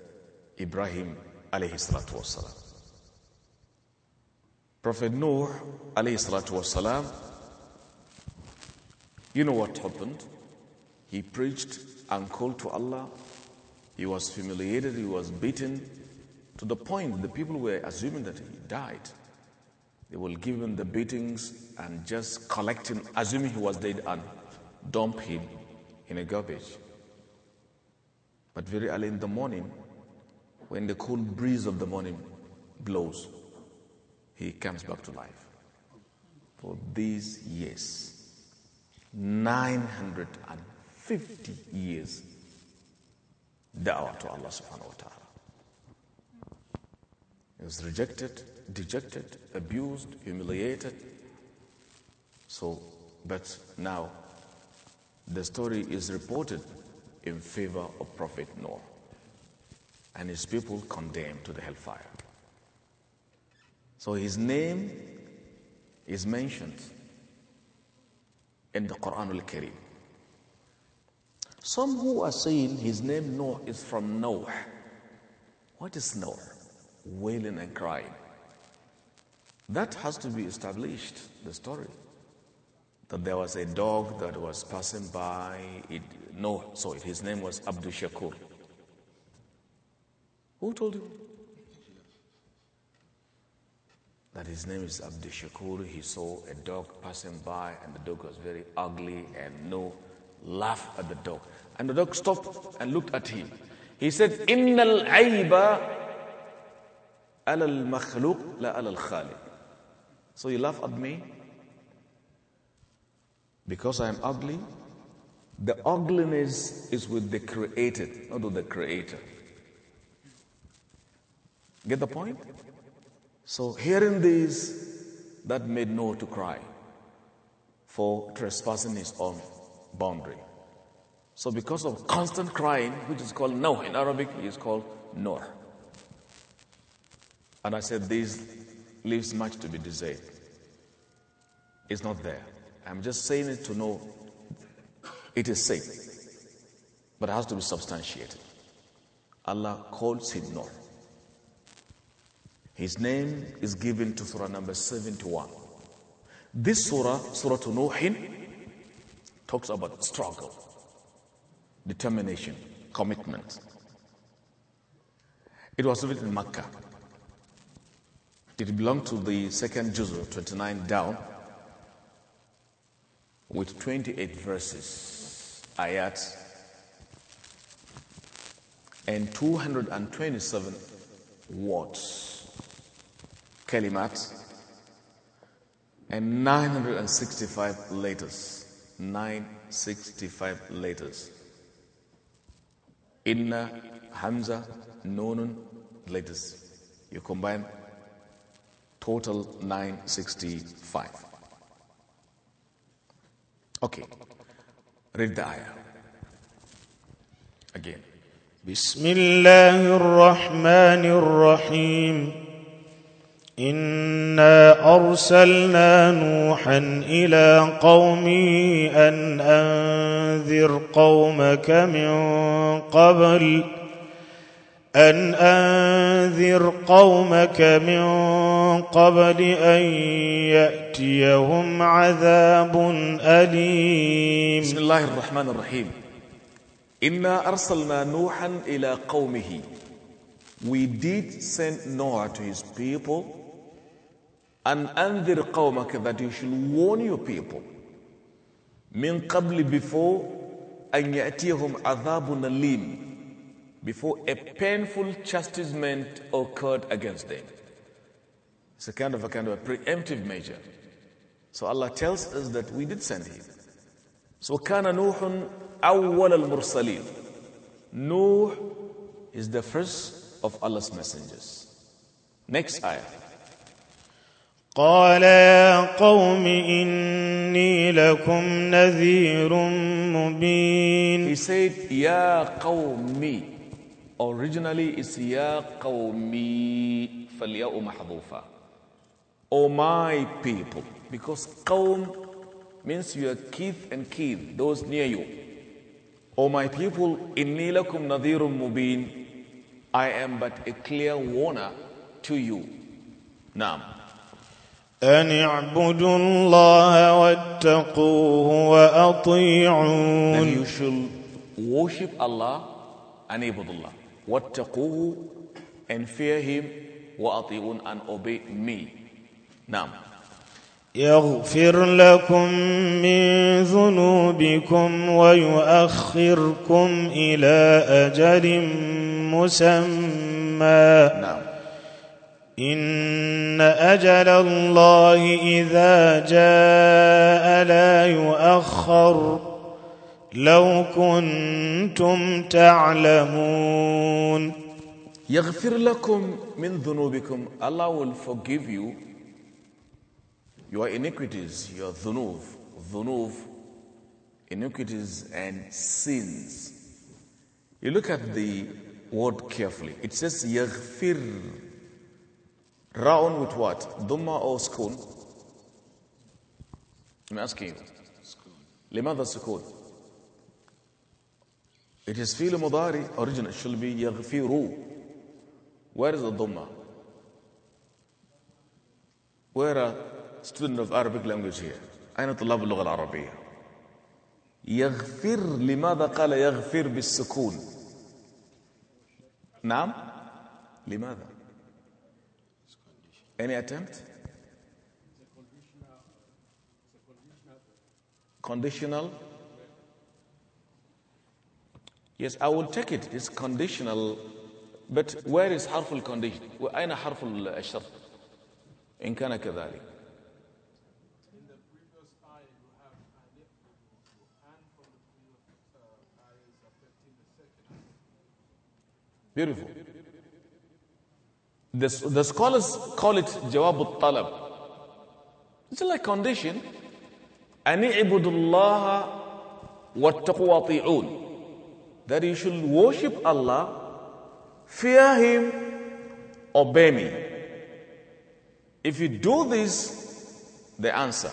Ibrahim alayhi salatu wasalam. Prophet Noah alayhi salatu wasalam, you know what happened? He preached and called to Allah. He was humiliated, he was beaten to the point the people were assuming that he died. They will give him the beatings and just collect him, assuming he was dead, and dump him in a garbage. But very early in the morning, when the cool breeze of the morning blows, he comes back to life. For these years, 900 and 50 years da'wah to Allah subhanahu wa ta'ala. He was rejected, dejected, abused, humiliated. So, but now the story is reported in favor of Prophet Noah and his people condemned to the hellfire. So his name is mentioned in the Quran al Karim. Some who are saying his name Noah is from Noah. What is Noah? Wailing and crying. That has to be established, the story. That there was a dog that was passing by. It, no, so his name was Abdul Shakur. Who told you? That his name is Abdul Shakur. He saw a dog passing by, and the dog was very ugly and no laughed at the dog. And the dog stopped and looked at him. He said, Innal aiba ala al makhluq la al khaliq. So you laugh at me because I am ugly? The ugliness is with the created, not with the creator. Get the point? So, hearing this, that made Noah to cry for trespassing his own boundary. So because of constant crying, which is called no in Arabic, is called Noor. And I said, this leaves much to be desired. It's not there. I'm just saying it to know it is safe, but it has to be substantiated. Allah calls him Noor. His name is given to surah number 71. This surah, Surah Nuhin, talks about struggle, determination, commitment. It was written in Makkah. It belonged to the second juzul, 29 down, with 28 verses, ayat, and 227 words, kalimat, and 965 letters. 965 letters. Inna, Hamza, Nunun letters. You combine total 965. Okay. Read the ayah. Again. بسم الله الرحمن انا ارسلنا نوحا الى قومي ان انذر قومك من قبل ان انذر قومك من قبل ان ياتيهم عذاب اليم بسم الله الرحمن الرحيم انا ارسلنا نوحا الى قومه We did send Noah to his people and anzir qawmaka that you should warn your people min qabli before an ya'tiyahum adhabun alim before a painful chastisement occurred against them it's a kind of a kind of a preemptive measure so Allah tells us that we did send him so kana nuhun awwal al-mursalin nuh is the first of Allah's messengers next ayah قال يا قوم إني لكم نذير مبين He said يا قومي Originally it's يا قومي فالياء محذوفة O my people Because قوم means your kith and kith Those near you O my people إني لكم نذير مبين I am but a clear warner to you نعم أن اعبدوا الله واتقوه وأطيعون you should worship Allah and عبد الله واتقوه and fear him وأطيعون and obey me نعم يغفر لكم من ذنوبكم ويؤخركم إلى أجل مسمى نعم ان اجل الله اذا جاء لا يؤخر لو كنتم تعلمون يغفر لكم من ذنوبكم Allah will forgive you your iniquities your ذنوب ذنوب iniquities and sins you look at the word carefully it says يغفر Ra'un with what? Dhumma or sukun? I'm asking you. لماذا sukun? It is fi'l mudari, original should be yaghfiru. Where is the We are a student of Arabic language here. أين طلاب اللغة العربية؟ يغفر لماذا قال يغفر بالسكون؟ نعم لماذا؟ Any attempt? Conditional? Yes, I will take it. It's conditional. But where is condition? الcondition? أين حرف الشرط؟ إن كان كذلك. Beautiful. The, the scholars call it Jawab al-Talab. It's like condition. أن اعبدوا الله واتقوا That you should worship Allah, fear Him, obey me. If you do this, the answer.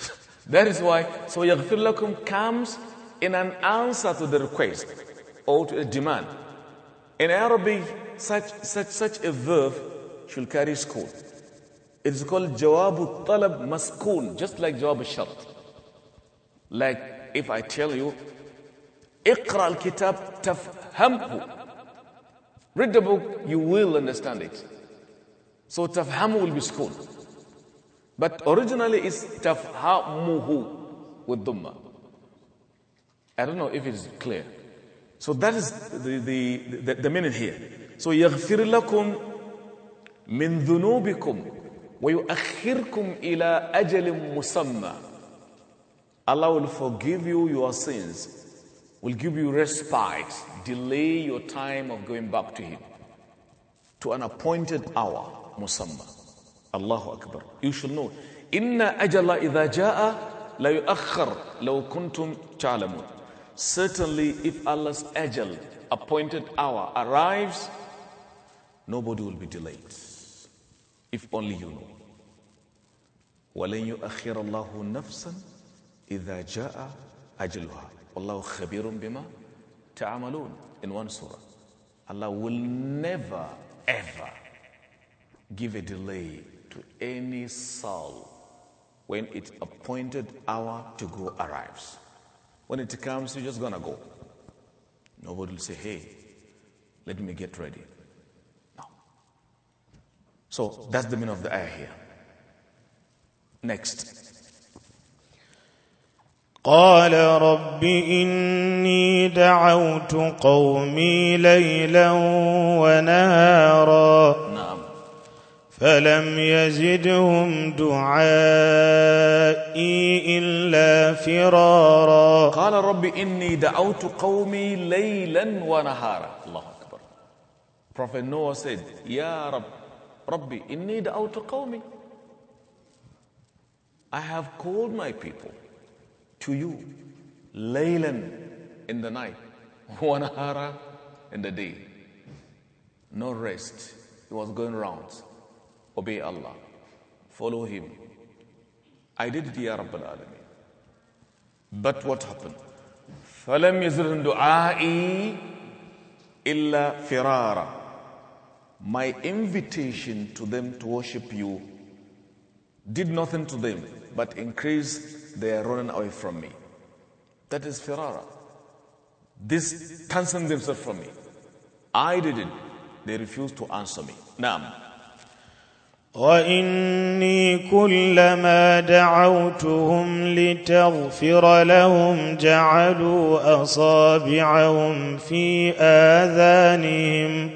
(laughs) that is why so يغفر comes in an answer to the request or to a demand. In Arabic, such, such, such a verb should carry school. It is called Jawab Talab Maskun, just like Jawab Shart. Like if I tell you, Iqra al Kitab Tafhamhu. Read the book, you will understand it. So Tafhamu will be school. But originally it's Tafhamuhu with Dhamma. I don't know if it is clear. So that is the, the, the, the meaning here. So يغفر لكم من ذنوبكم ويؤخركم إلى أجل مسمى Allah will forgive you your sins, will give you respite, delay your time of going back to Him to an appointed hour, مُسَمَّى. Allahu Akbar. You should know. إن أجل إذا جاء لا لو كنتم تعلمون Certainly, if Allah's ajal, appointed hour, arrives, nobody will be delayed. If only you know. وَلَنْ يُؤَخِّرَ اللَّهُ نَفْسًا إِذَا جَاءَ أَجْلُهَا وَاللَّهُ خَبِيرٌ بِمَا تَعْمَلُونَ In one surah. Allah will never, ever give a delay to any soul when its appointed hour to go arrives. When it comes, you're just going to go. Nobody will say, hey, let me get ready. No. So that's the meaning of the ayah here. Next. قال رب إني دعوت قومي ليلا ونهارا فلم يزدهم دعائي إلا فرارا قال رب إني دعوت قومي ليلا ونهارا الله أكبر Prophet Noah said يا رب ربي إني دعوت قومي I have called my people to you laylan in the night wanahara (laughs) in the day no rest it was going rounds Obey Allah. Follow Him. I did it, Ya Rabbil Alameen. But what happened? فَلَمْ يَزِرْهُمْ دُعَائِي إِلَّا فِرَارًا My invitation to them to worship you did nothing to them but increased their running away from me. That is firara. This distancing themselves from me. I did it. They refused to answer me. Now, واني كلما دعوتهم لتغفر لهم جعلوا اصابعهم في اذانهم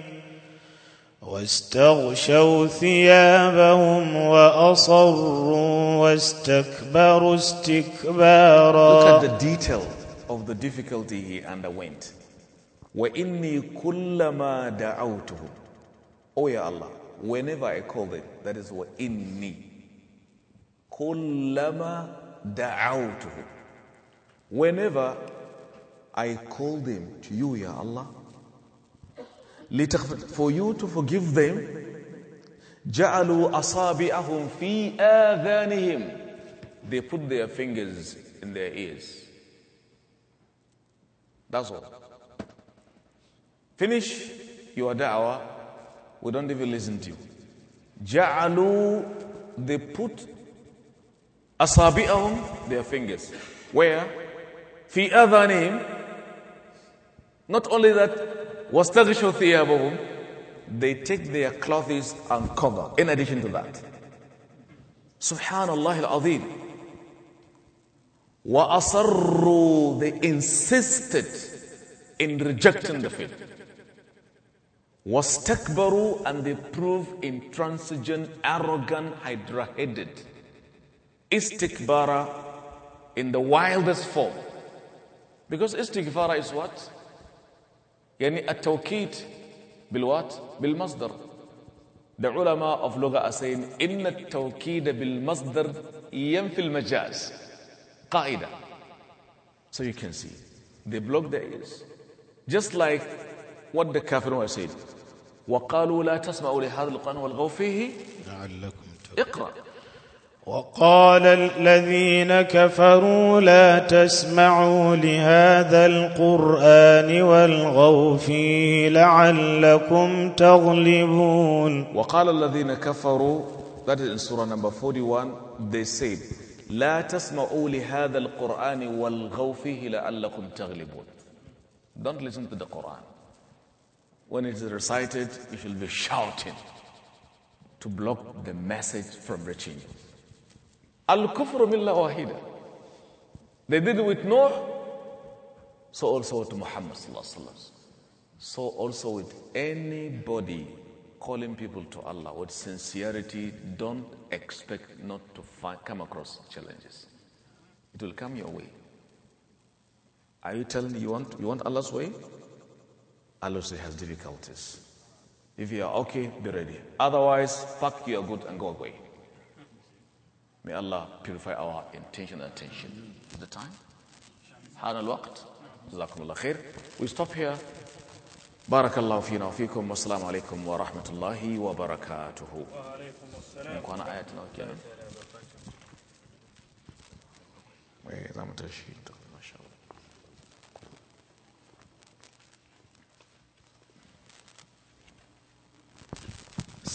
واستغشوا ثيابهم واصروا واستكبروا استكبارا Look at the detail of the difficulty he underwent. وإني كلما دعوتهم. Oh يا الله whenever I call them. That is what in inni. Kullama da'awtuhu. Whenever I call them to you, Ya Allah, for you to forgive them, They put their fingers in their ears. That's all. Finish your da'wah we don't even listen to you. Ja'alu, they put asabi'ahum, their fingers. Where? Fi name. Not only that, wastaghishu thiyabahum, they take their clothes and cover. In addition to that. Subhanallah al-azim. Wa asarru, they insisted in rejecting the faith takbaru and they prove intransigent, arrogant, hydra-headed. Istikbara in the wildest form. Because istikbara is what? Yani at bilwat bil what? Bil masdar. The ulama of loga are saying inna at-tawqid bil masdar yanfi majaz Qaida. So you can see they block the ears. Just like what the kafir was saying. وقالوا لا تسمعوا لهذا القرآن والغوا فيه لعلكم اقرأ وقال الذين كفروا لا تسمعوا لهذا القرآن والغوا فيه لعلكم تغلبون وقال الذين كفروا that is in surah number 41 they said لا تسمعوا لهذا القرآن والغوا فيه لعلكم تغلبون don't listen to the Quran When it is recited, you should be shouting to block the message from reaching you. Al kufru wahida. They did it with Noah, so also with Muhammad. So also with anybody calling people to Allah with sincerity, don't expect not to find, come across challenges. It will come your way. Are you telling you want, you want Allah's way? Alusi has difficulties. If you are okay, be ready. Otherwise, fuck you are good and go away. May Allah purify our intention and attention. Is the time? حان الوقت جزاكم الله خير we stop here بارك الله فينا وفيكم والسلام عليكم ورحمة الله وبركاته وعليكم السلام كان آياتنا كنا وإذا متشيد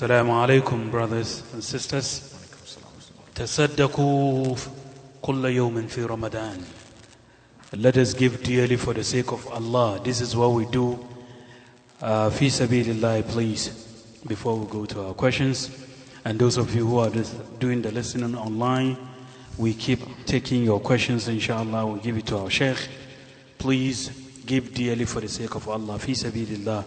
Assalamu alaikum, brothers and sisters تصدقوا كل in في Ramadan. Let us give dearly for the sake of Allah. This is what we do. Uh, fi sabilillah, please, before we go to our questions. And those of you who are doing the listening online, we keep taking your questions, inshallah. We'll give it to our Sheikh. Please give dearly for the sake of Allah. Fi sabilillah.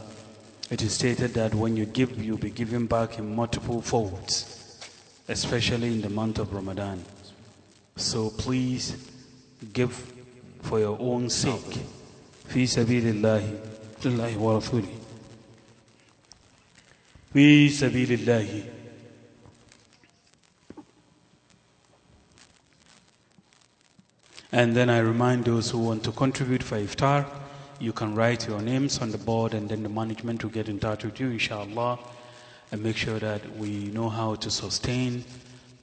It is stated that when you give, you'll be given back in multiple folds, especially in the month of Ramadan. So please give for your own sake. Fi سبيل الله لله ورسوله في سبيل And then I remind those who want to contribute for iftar you can write your names on the board and then the management will get in touch with you, inshallah, and make sure that we know how to sustain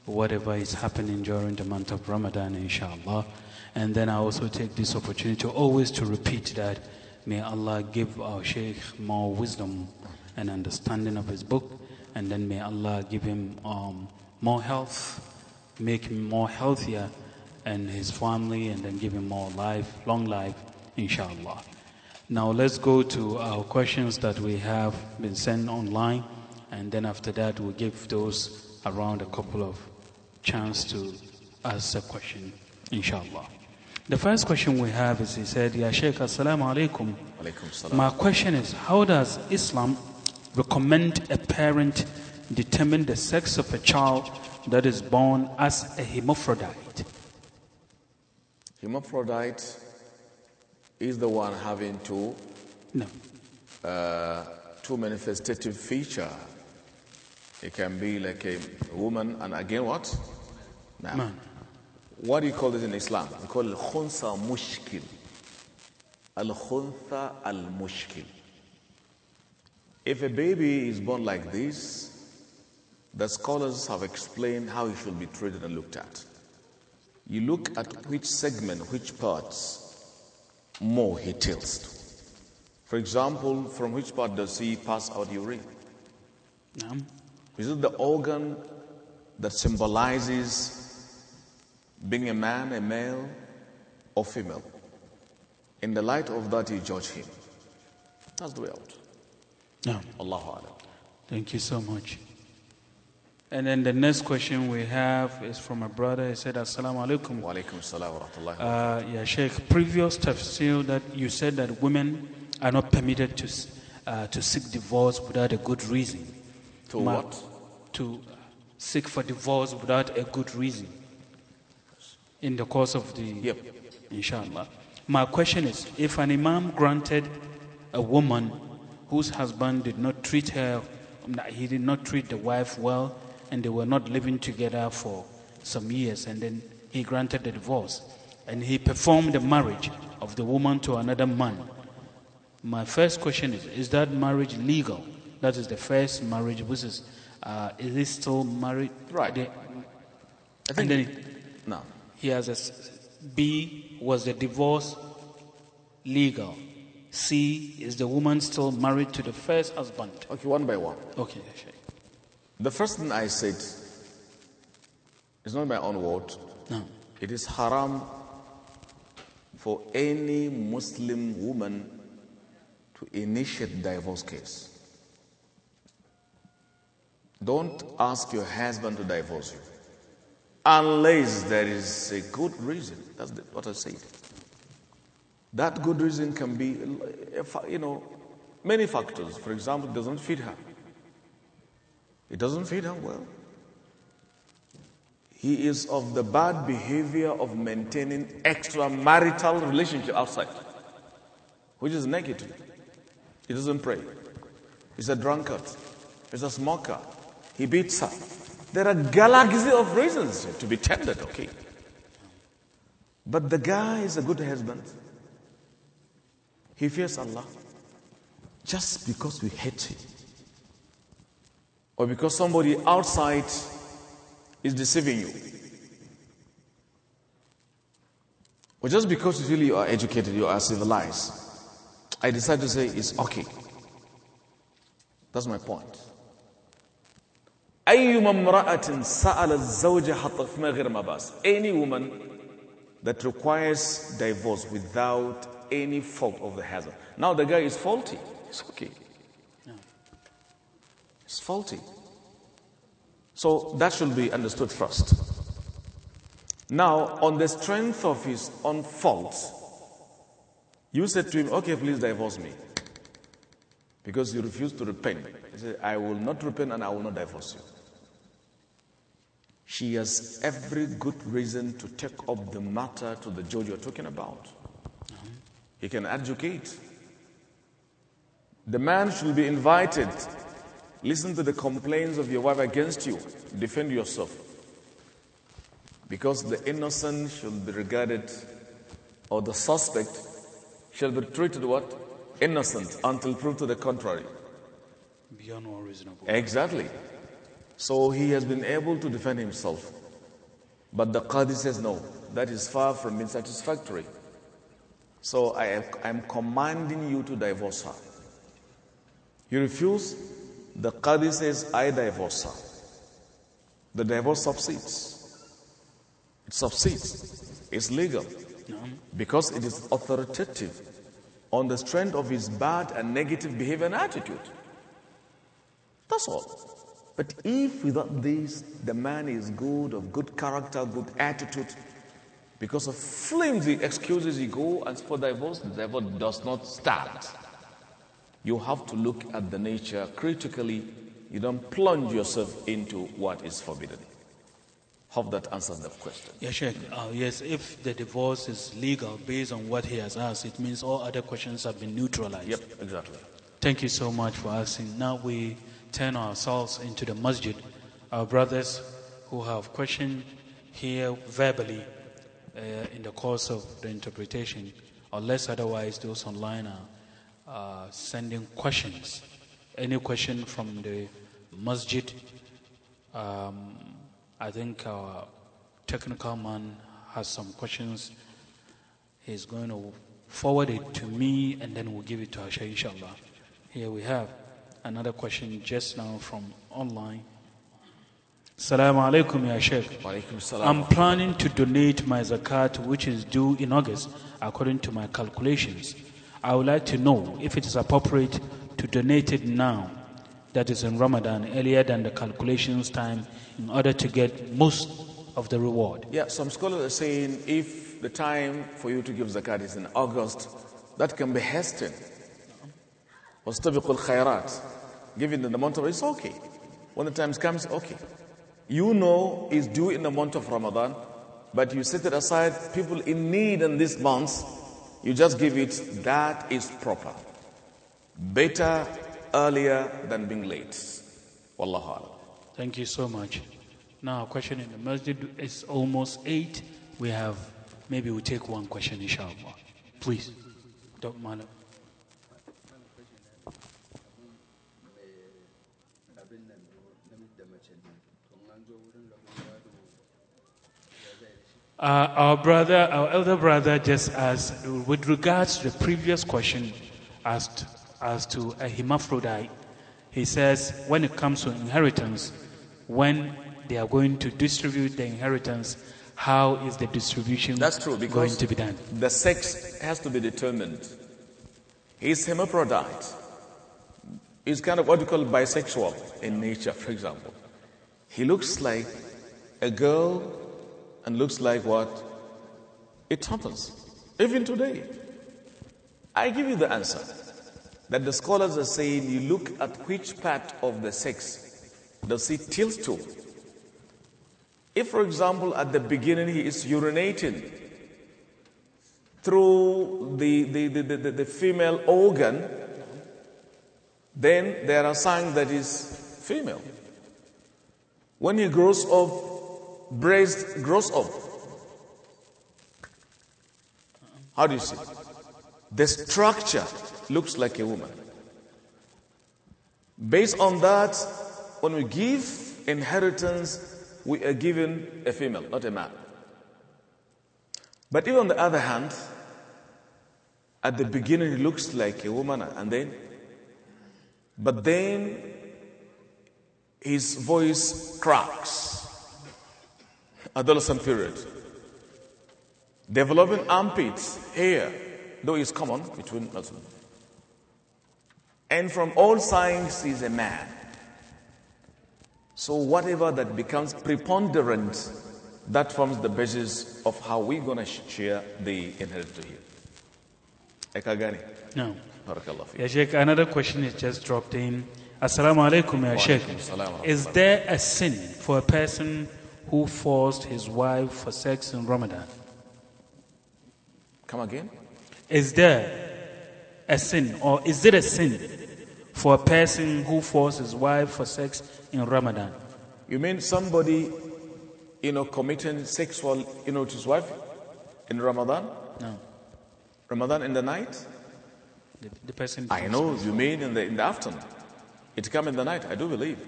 whatever is happening during the month of Ramadan, inshallah. And then I also take this opportunity always to repeat that may Allah give our Sheikh more wisdom and understanding of his book, and then may Allah give him um, more health, make him more healthier, and his family, and then give him more life, long life, inshallah. Now let's go to our questions that we have been sent online, and then after that we'll give those around a couple of chance to ask a question, inshallah. The first question we have is he said, Ya Sheikh, Assalamu alaikum. My question is, how does Islam recommend a parent determine the sex of a child that is born as a hermaphrodite? Hermaphrodite is the one having two no. Uh, two manifestative feature. It can be like a woman and again what? Nah. Man. What do you call this in Islam? We call it khunsa mushkil. Al khunsa al mushkil. If a baby is born like this, the scholars have explained how he should be treated and looked at. You look at which segment, which parts more he tells. For example, from which part does he pass out urine? No. Is it the organ that symbolizes being a man, a male, or female? In the light of that, you judge him. That's the way out. No. Allahu Thank you so much. And then the next question we have is from a brother. He said, Assalamu alaikum. Wa alaikum assalam wa rahmatullahi uh, Yeah, Sheikh, previous tafsir that you said that women are not permitted to, uh, to seek divorce without a good reason. To Ma- what? To seek for divorce without a good reason in the course of the. Yep. Inshallah. My question is if an imam granted a woman whose husband did not treat her, um, he did not treat the wife well, and they were not living together for some years. And then he granted the divorce. And he performed the marriage of the woman to another man. My first question is Is that marriage legal? That is the first marriage. Which is, uh, is he still married? Right. The, I think and then no. He has a B. Was the divorce legal? C. Is the woman still married to the first husband? Okay, one by one. Okay. The first thing I said is not my own word. No. It is haram for any Muslim woman to initiate divorce case. Don't ask your husband to divorce you unless there is a good reason. That's what I said. That good reason can be, you know, many factors. For example, it doesn't fit her. It doesn't fit out well. He is of the bad behavior of maintaining extramarital relationship outside, which is negative. He doesn't pray. He's a drunkard. He's a smoker. He beats her. There are galaxy of reasons to be tempted, okay? But the guy is a good husband. He fears Allah just because we hate him or because somebody outside is deceiving you, or just because you feel you are educated, you are civilized, I decide to say it's okay. That's my point. Any woman that requires divorce without any fault of the husband. Now the guy is faulty. It's okay. It's faulty. So that should be understood first. Now, on the strength of his own faults, you said to him, Okay, please divorce me. Because you refused to repent. He said, I will not repent and I will not divorce you. She has every good reason to take up the matter to the judge you're talking about. He can educate. The man should be invited Listen to the complaints of your wife against you. Defend yourself. Because the innocent shall be regarded, or the suspect shall be treated what? Innocent until proved to the contrary. Beyond all reasonable. Exactly. So he has been able to defend himself. But the Qadi says no. That is far from being satisfactory. So I am commanding you to divorce her. You refuse? The Qadi says, I divorce her. The divorce subsists. It subsists. It's legal because it is authoritative on the strength of his bad and negative behavior and attitude. That's all. But if without this, the man is good, of good character, good attitude, because of flimsy excuses he go and for divorce, the divorce does not start you have to look at the nature critically. You don't plunge yourself into what is forbidden. Hope that answers the question. Yes, Sheikh. Uh, yes, if the divorce is legal based on what he has asked, it means all other questions have been neutralized. Yep, exactly. Thank you so much for asking. Now we turn ourselves into the masjid. Our brothers who have questioned here verbally uh, in the course of the interpretation, unless otherwise those online are uh, sending questions. Any question from the masjid? Um, I think our technical man has some questions. He's going to forward it to me and then we'll give it to Asha, inshallah. Here we have another question just now from online. Assalamu alaikum, Ya Sheikh. I'm planning to donate my zakat, which is due in August, according to my calculations. I would like to know if it is appropriate to donate it now, that is in Ramadan, earlier than the calculations time, in order to get most of the reward. Yeah, some scholars are saying if the time for you to give zakat is in August, that can be hastened. وَاسْتَبِقُوا الْخَيْرَاتِ Giving in the month of it's okay. When the time comes, okay. You know it's due in the month of Ramadan, but you set it aside people in need in these months you just give it that is proper. Better earlier than being late. Wallahu alam. Thank you so much. Now, question in the masjid is almost eight. We have, maybe we take one question, inshallah. Please, don't mind. Uh, our brother, our elder brother, just as with regards to the previous question asked as to a hermaphrodite, he says when it comes to inheritance, when they are going to distribute the inheritance, how is the distribution That's true, because going to be done? The sex has to be determined. He's hermaphrodite. He's kind of what we call bisexual in nature, for example. He looks like a girl and looks like what? It happens. Even today. I give you the answer that the scholars are saying you look at which part of the sex does he tilt to. If, for example, at the beginning he is urinating through the, the, the, the, the female organ, then there are signs that is female. When he grows up, breast grows up. How do you see? The structure looks like a woman. Based on that, when we give inheritance, we are given a female, not a man. But even on the other hand, at the beginning, he looks like a woman, and then, but then his voice cracks adolescent period. Developing armpits, hair, though it's common between us. And from all signs, he's a man. So, whatever that becomes preponderant, that forms the basis of how we're going to share the inheritance here. Ekagani? No. Barakallah. Ya Sheikh, another question is just dropped in. Assalamu alaikum, Ya Sheikh. Is there a sin for a person? who forced his wife for sex in Ramadan. Come again? Is there a sin, or is it a sin for a person who forced his wife for sex in Ramadan? You mean somebody, you know, committing sexual, you know, to his wife in Ramadan? No. Ramadan in the night? The, the person. I know you mean in the in the afternoon. It come in the night. I do believe.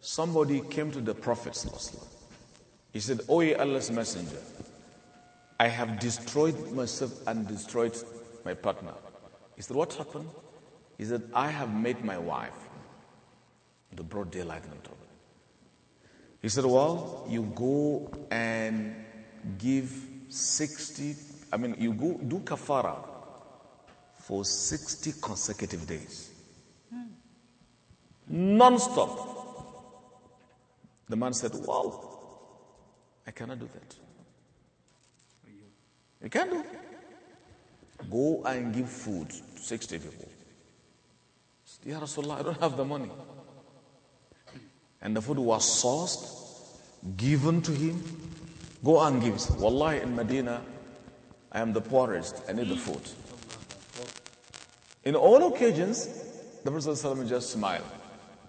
Somebody came to the Prophet. He said, O ye Allah's messenger, I have destroyed myself and destroyed my partner. He said, What happened? He said, I have made my wife the broad daylight and trouble. He said, Well, you go and give 60, I mean, you go do kafara for 60 consecutive days. Hmm. Non stop. The man said, Wow, I cannot do that. You can do. Go and give food to 60 people. Said, ya Rasulullah, I don't have the money. And the food was sourced, given to him. Go and give it. Wallahi, in Medina, I am the poorest. I need the food. In all occasions, the Prophet ﷺ just smiled.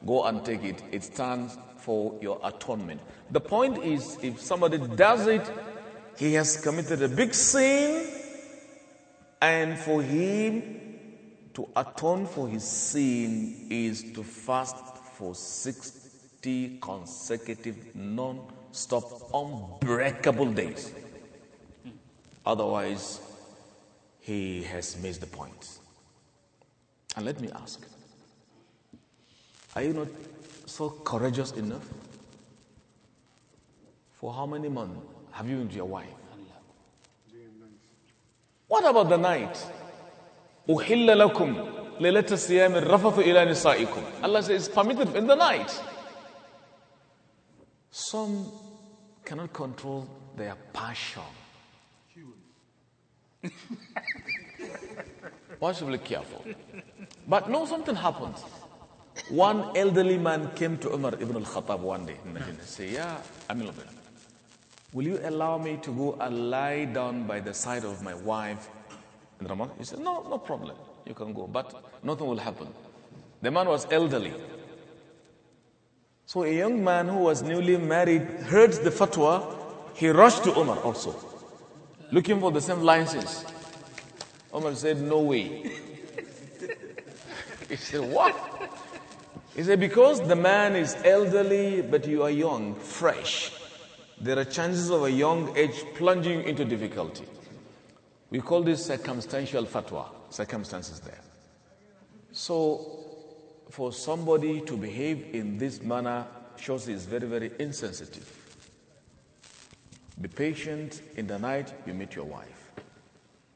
Go and take it. It stands for your atonement. The point is, if somebody does it, he has committed a big sin, and for him to atone for his sin is to fast for 60 consecutive, non stop, unbreakable days. Otherwise, he has missed the point. And let me ask are you not so courageous enough? For how many months have you been with your wife? What about the night? Allah says it's permitted in the night. Some cannot control their passion. One (laughs) should be careful. But no, something happens. One elderly man came to Umar ibn al-Khattab one day in Medina and said, Yeah, Amir will you allow me to go and lie down by the side of my wife in Ramadan? He said, No, no problem. You can go, but nothing will happen. The man was elderly. So a young man who was newly married heard the fatwa. He rushed to Umar also, looking for the same license. Umar said, No way. (laughs) he said, What? He said, because the man is elderly, but you are young, fresh, there are chances of a young age plunging into difficulty. We call this circumstantial fatwa, circumstances there. So, for somebody to behave in this manner shows he is very, very insensitive. Be patient. In the night, you meet your wife.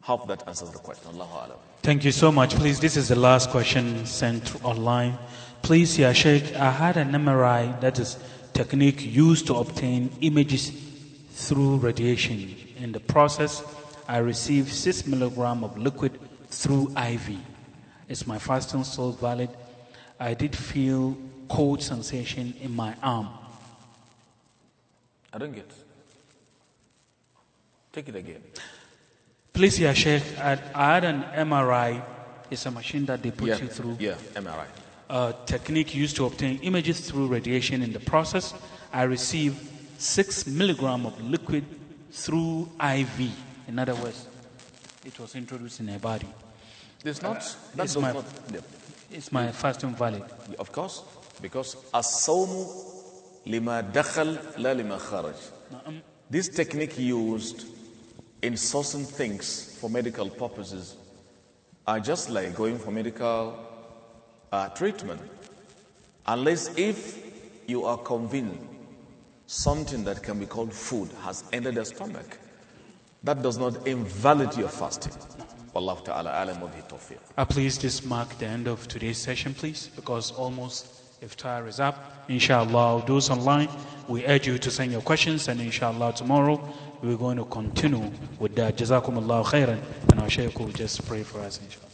Hope that answers the question. Allahu Alam. Thank you so much. Please, this is the last question sent online. Please, Ya Sheikh, I had an MRI that is technique used to obtain images through radiation. In the process, I received six milligram of liquid through IV. Is my fasting still valid? I did feel cold sensation in my arm. I don't get. Take it again. Please, here, Sheikh, I had an MRI. It's a machine that they put yeah, you through. Yeah, MRI. A technique used to obtain images through radiation. In the process, I received six milligram of liquid through IV. In other words, it was introduced in my body. It's not. Uh, it's, my, not yeah. it's my fasting valid. Of course, because as-sawmu lima dakhal la lima kharaj. This technique used in sourcing things for medical purposes are just like going for medical uh, treatment. Unless if you are convinced something that can be called food has entered the stomach, that does not invalidate your fasting. uh, Please just mark the end of today's session, please, because almost iftar is up. Inshallah, those online, we urge you to send your questions and inshallah tomorrow we're going to continue with that. Jazakumullah khairan. And our Shaykh will just pray for us, inshallah.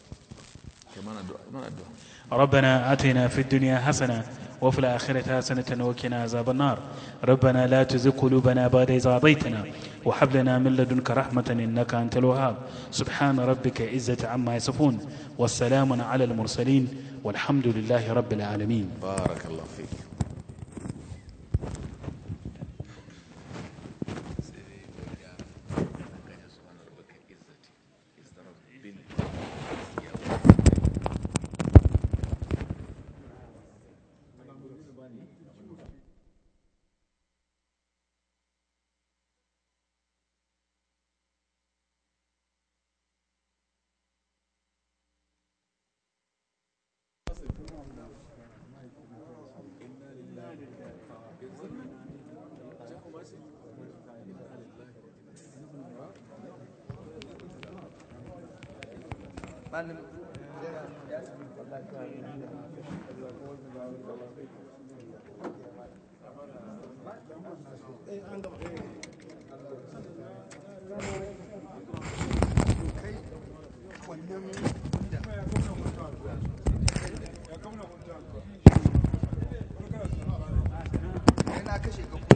ربنا آتنا في الدنيا حسنة وفي الآخرة حسنة وقنا عذاب النار ربنا لا تزغ قلوبنا بعد إذ هديتنا وهب لنا من لدنك رحمة إنك أنت الوهاب سبحان ربك عزة عما يصفون والسلام على المرسلين والحمد لله رب العالمين بارك الله فيك معلم ina kashe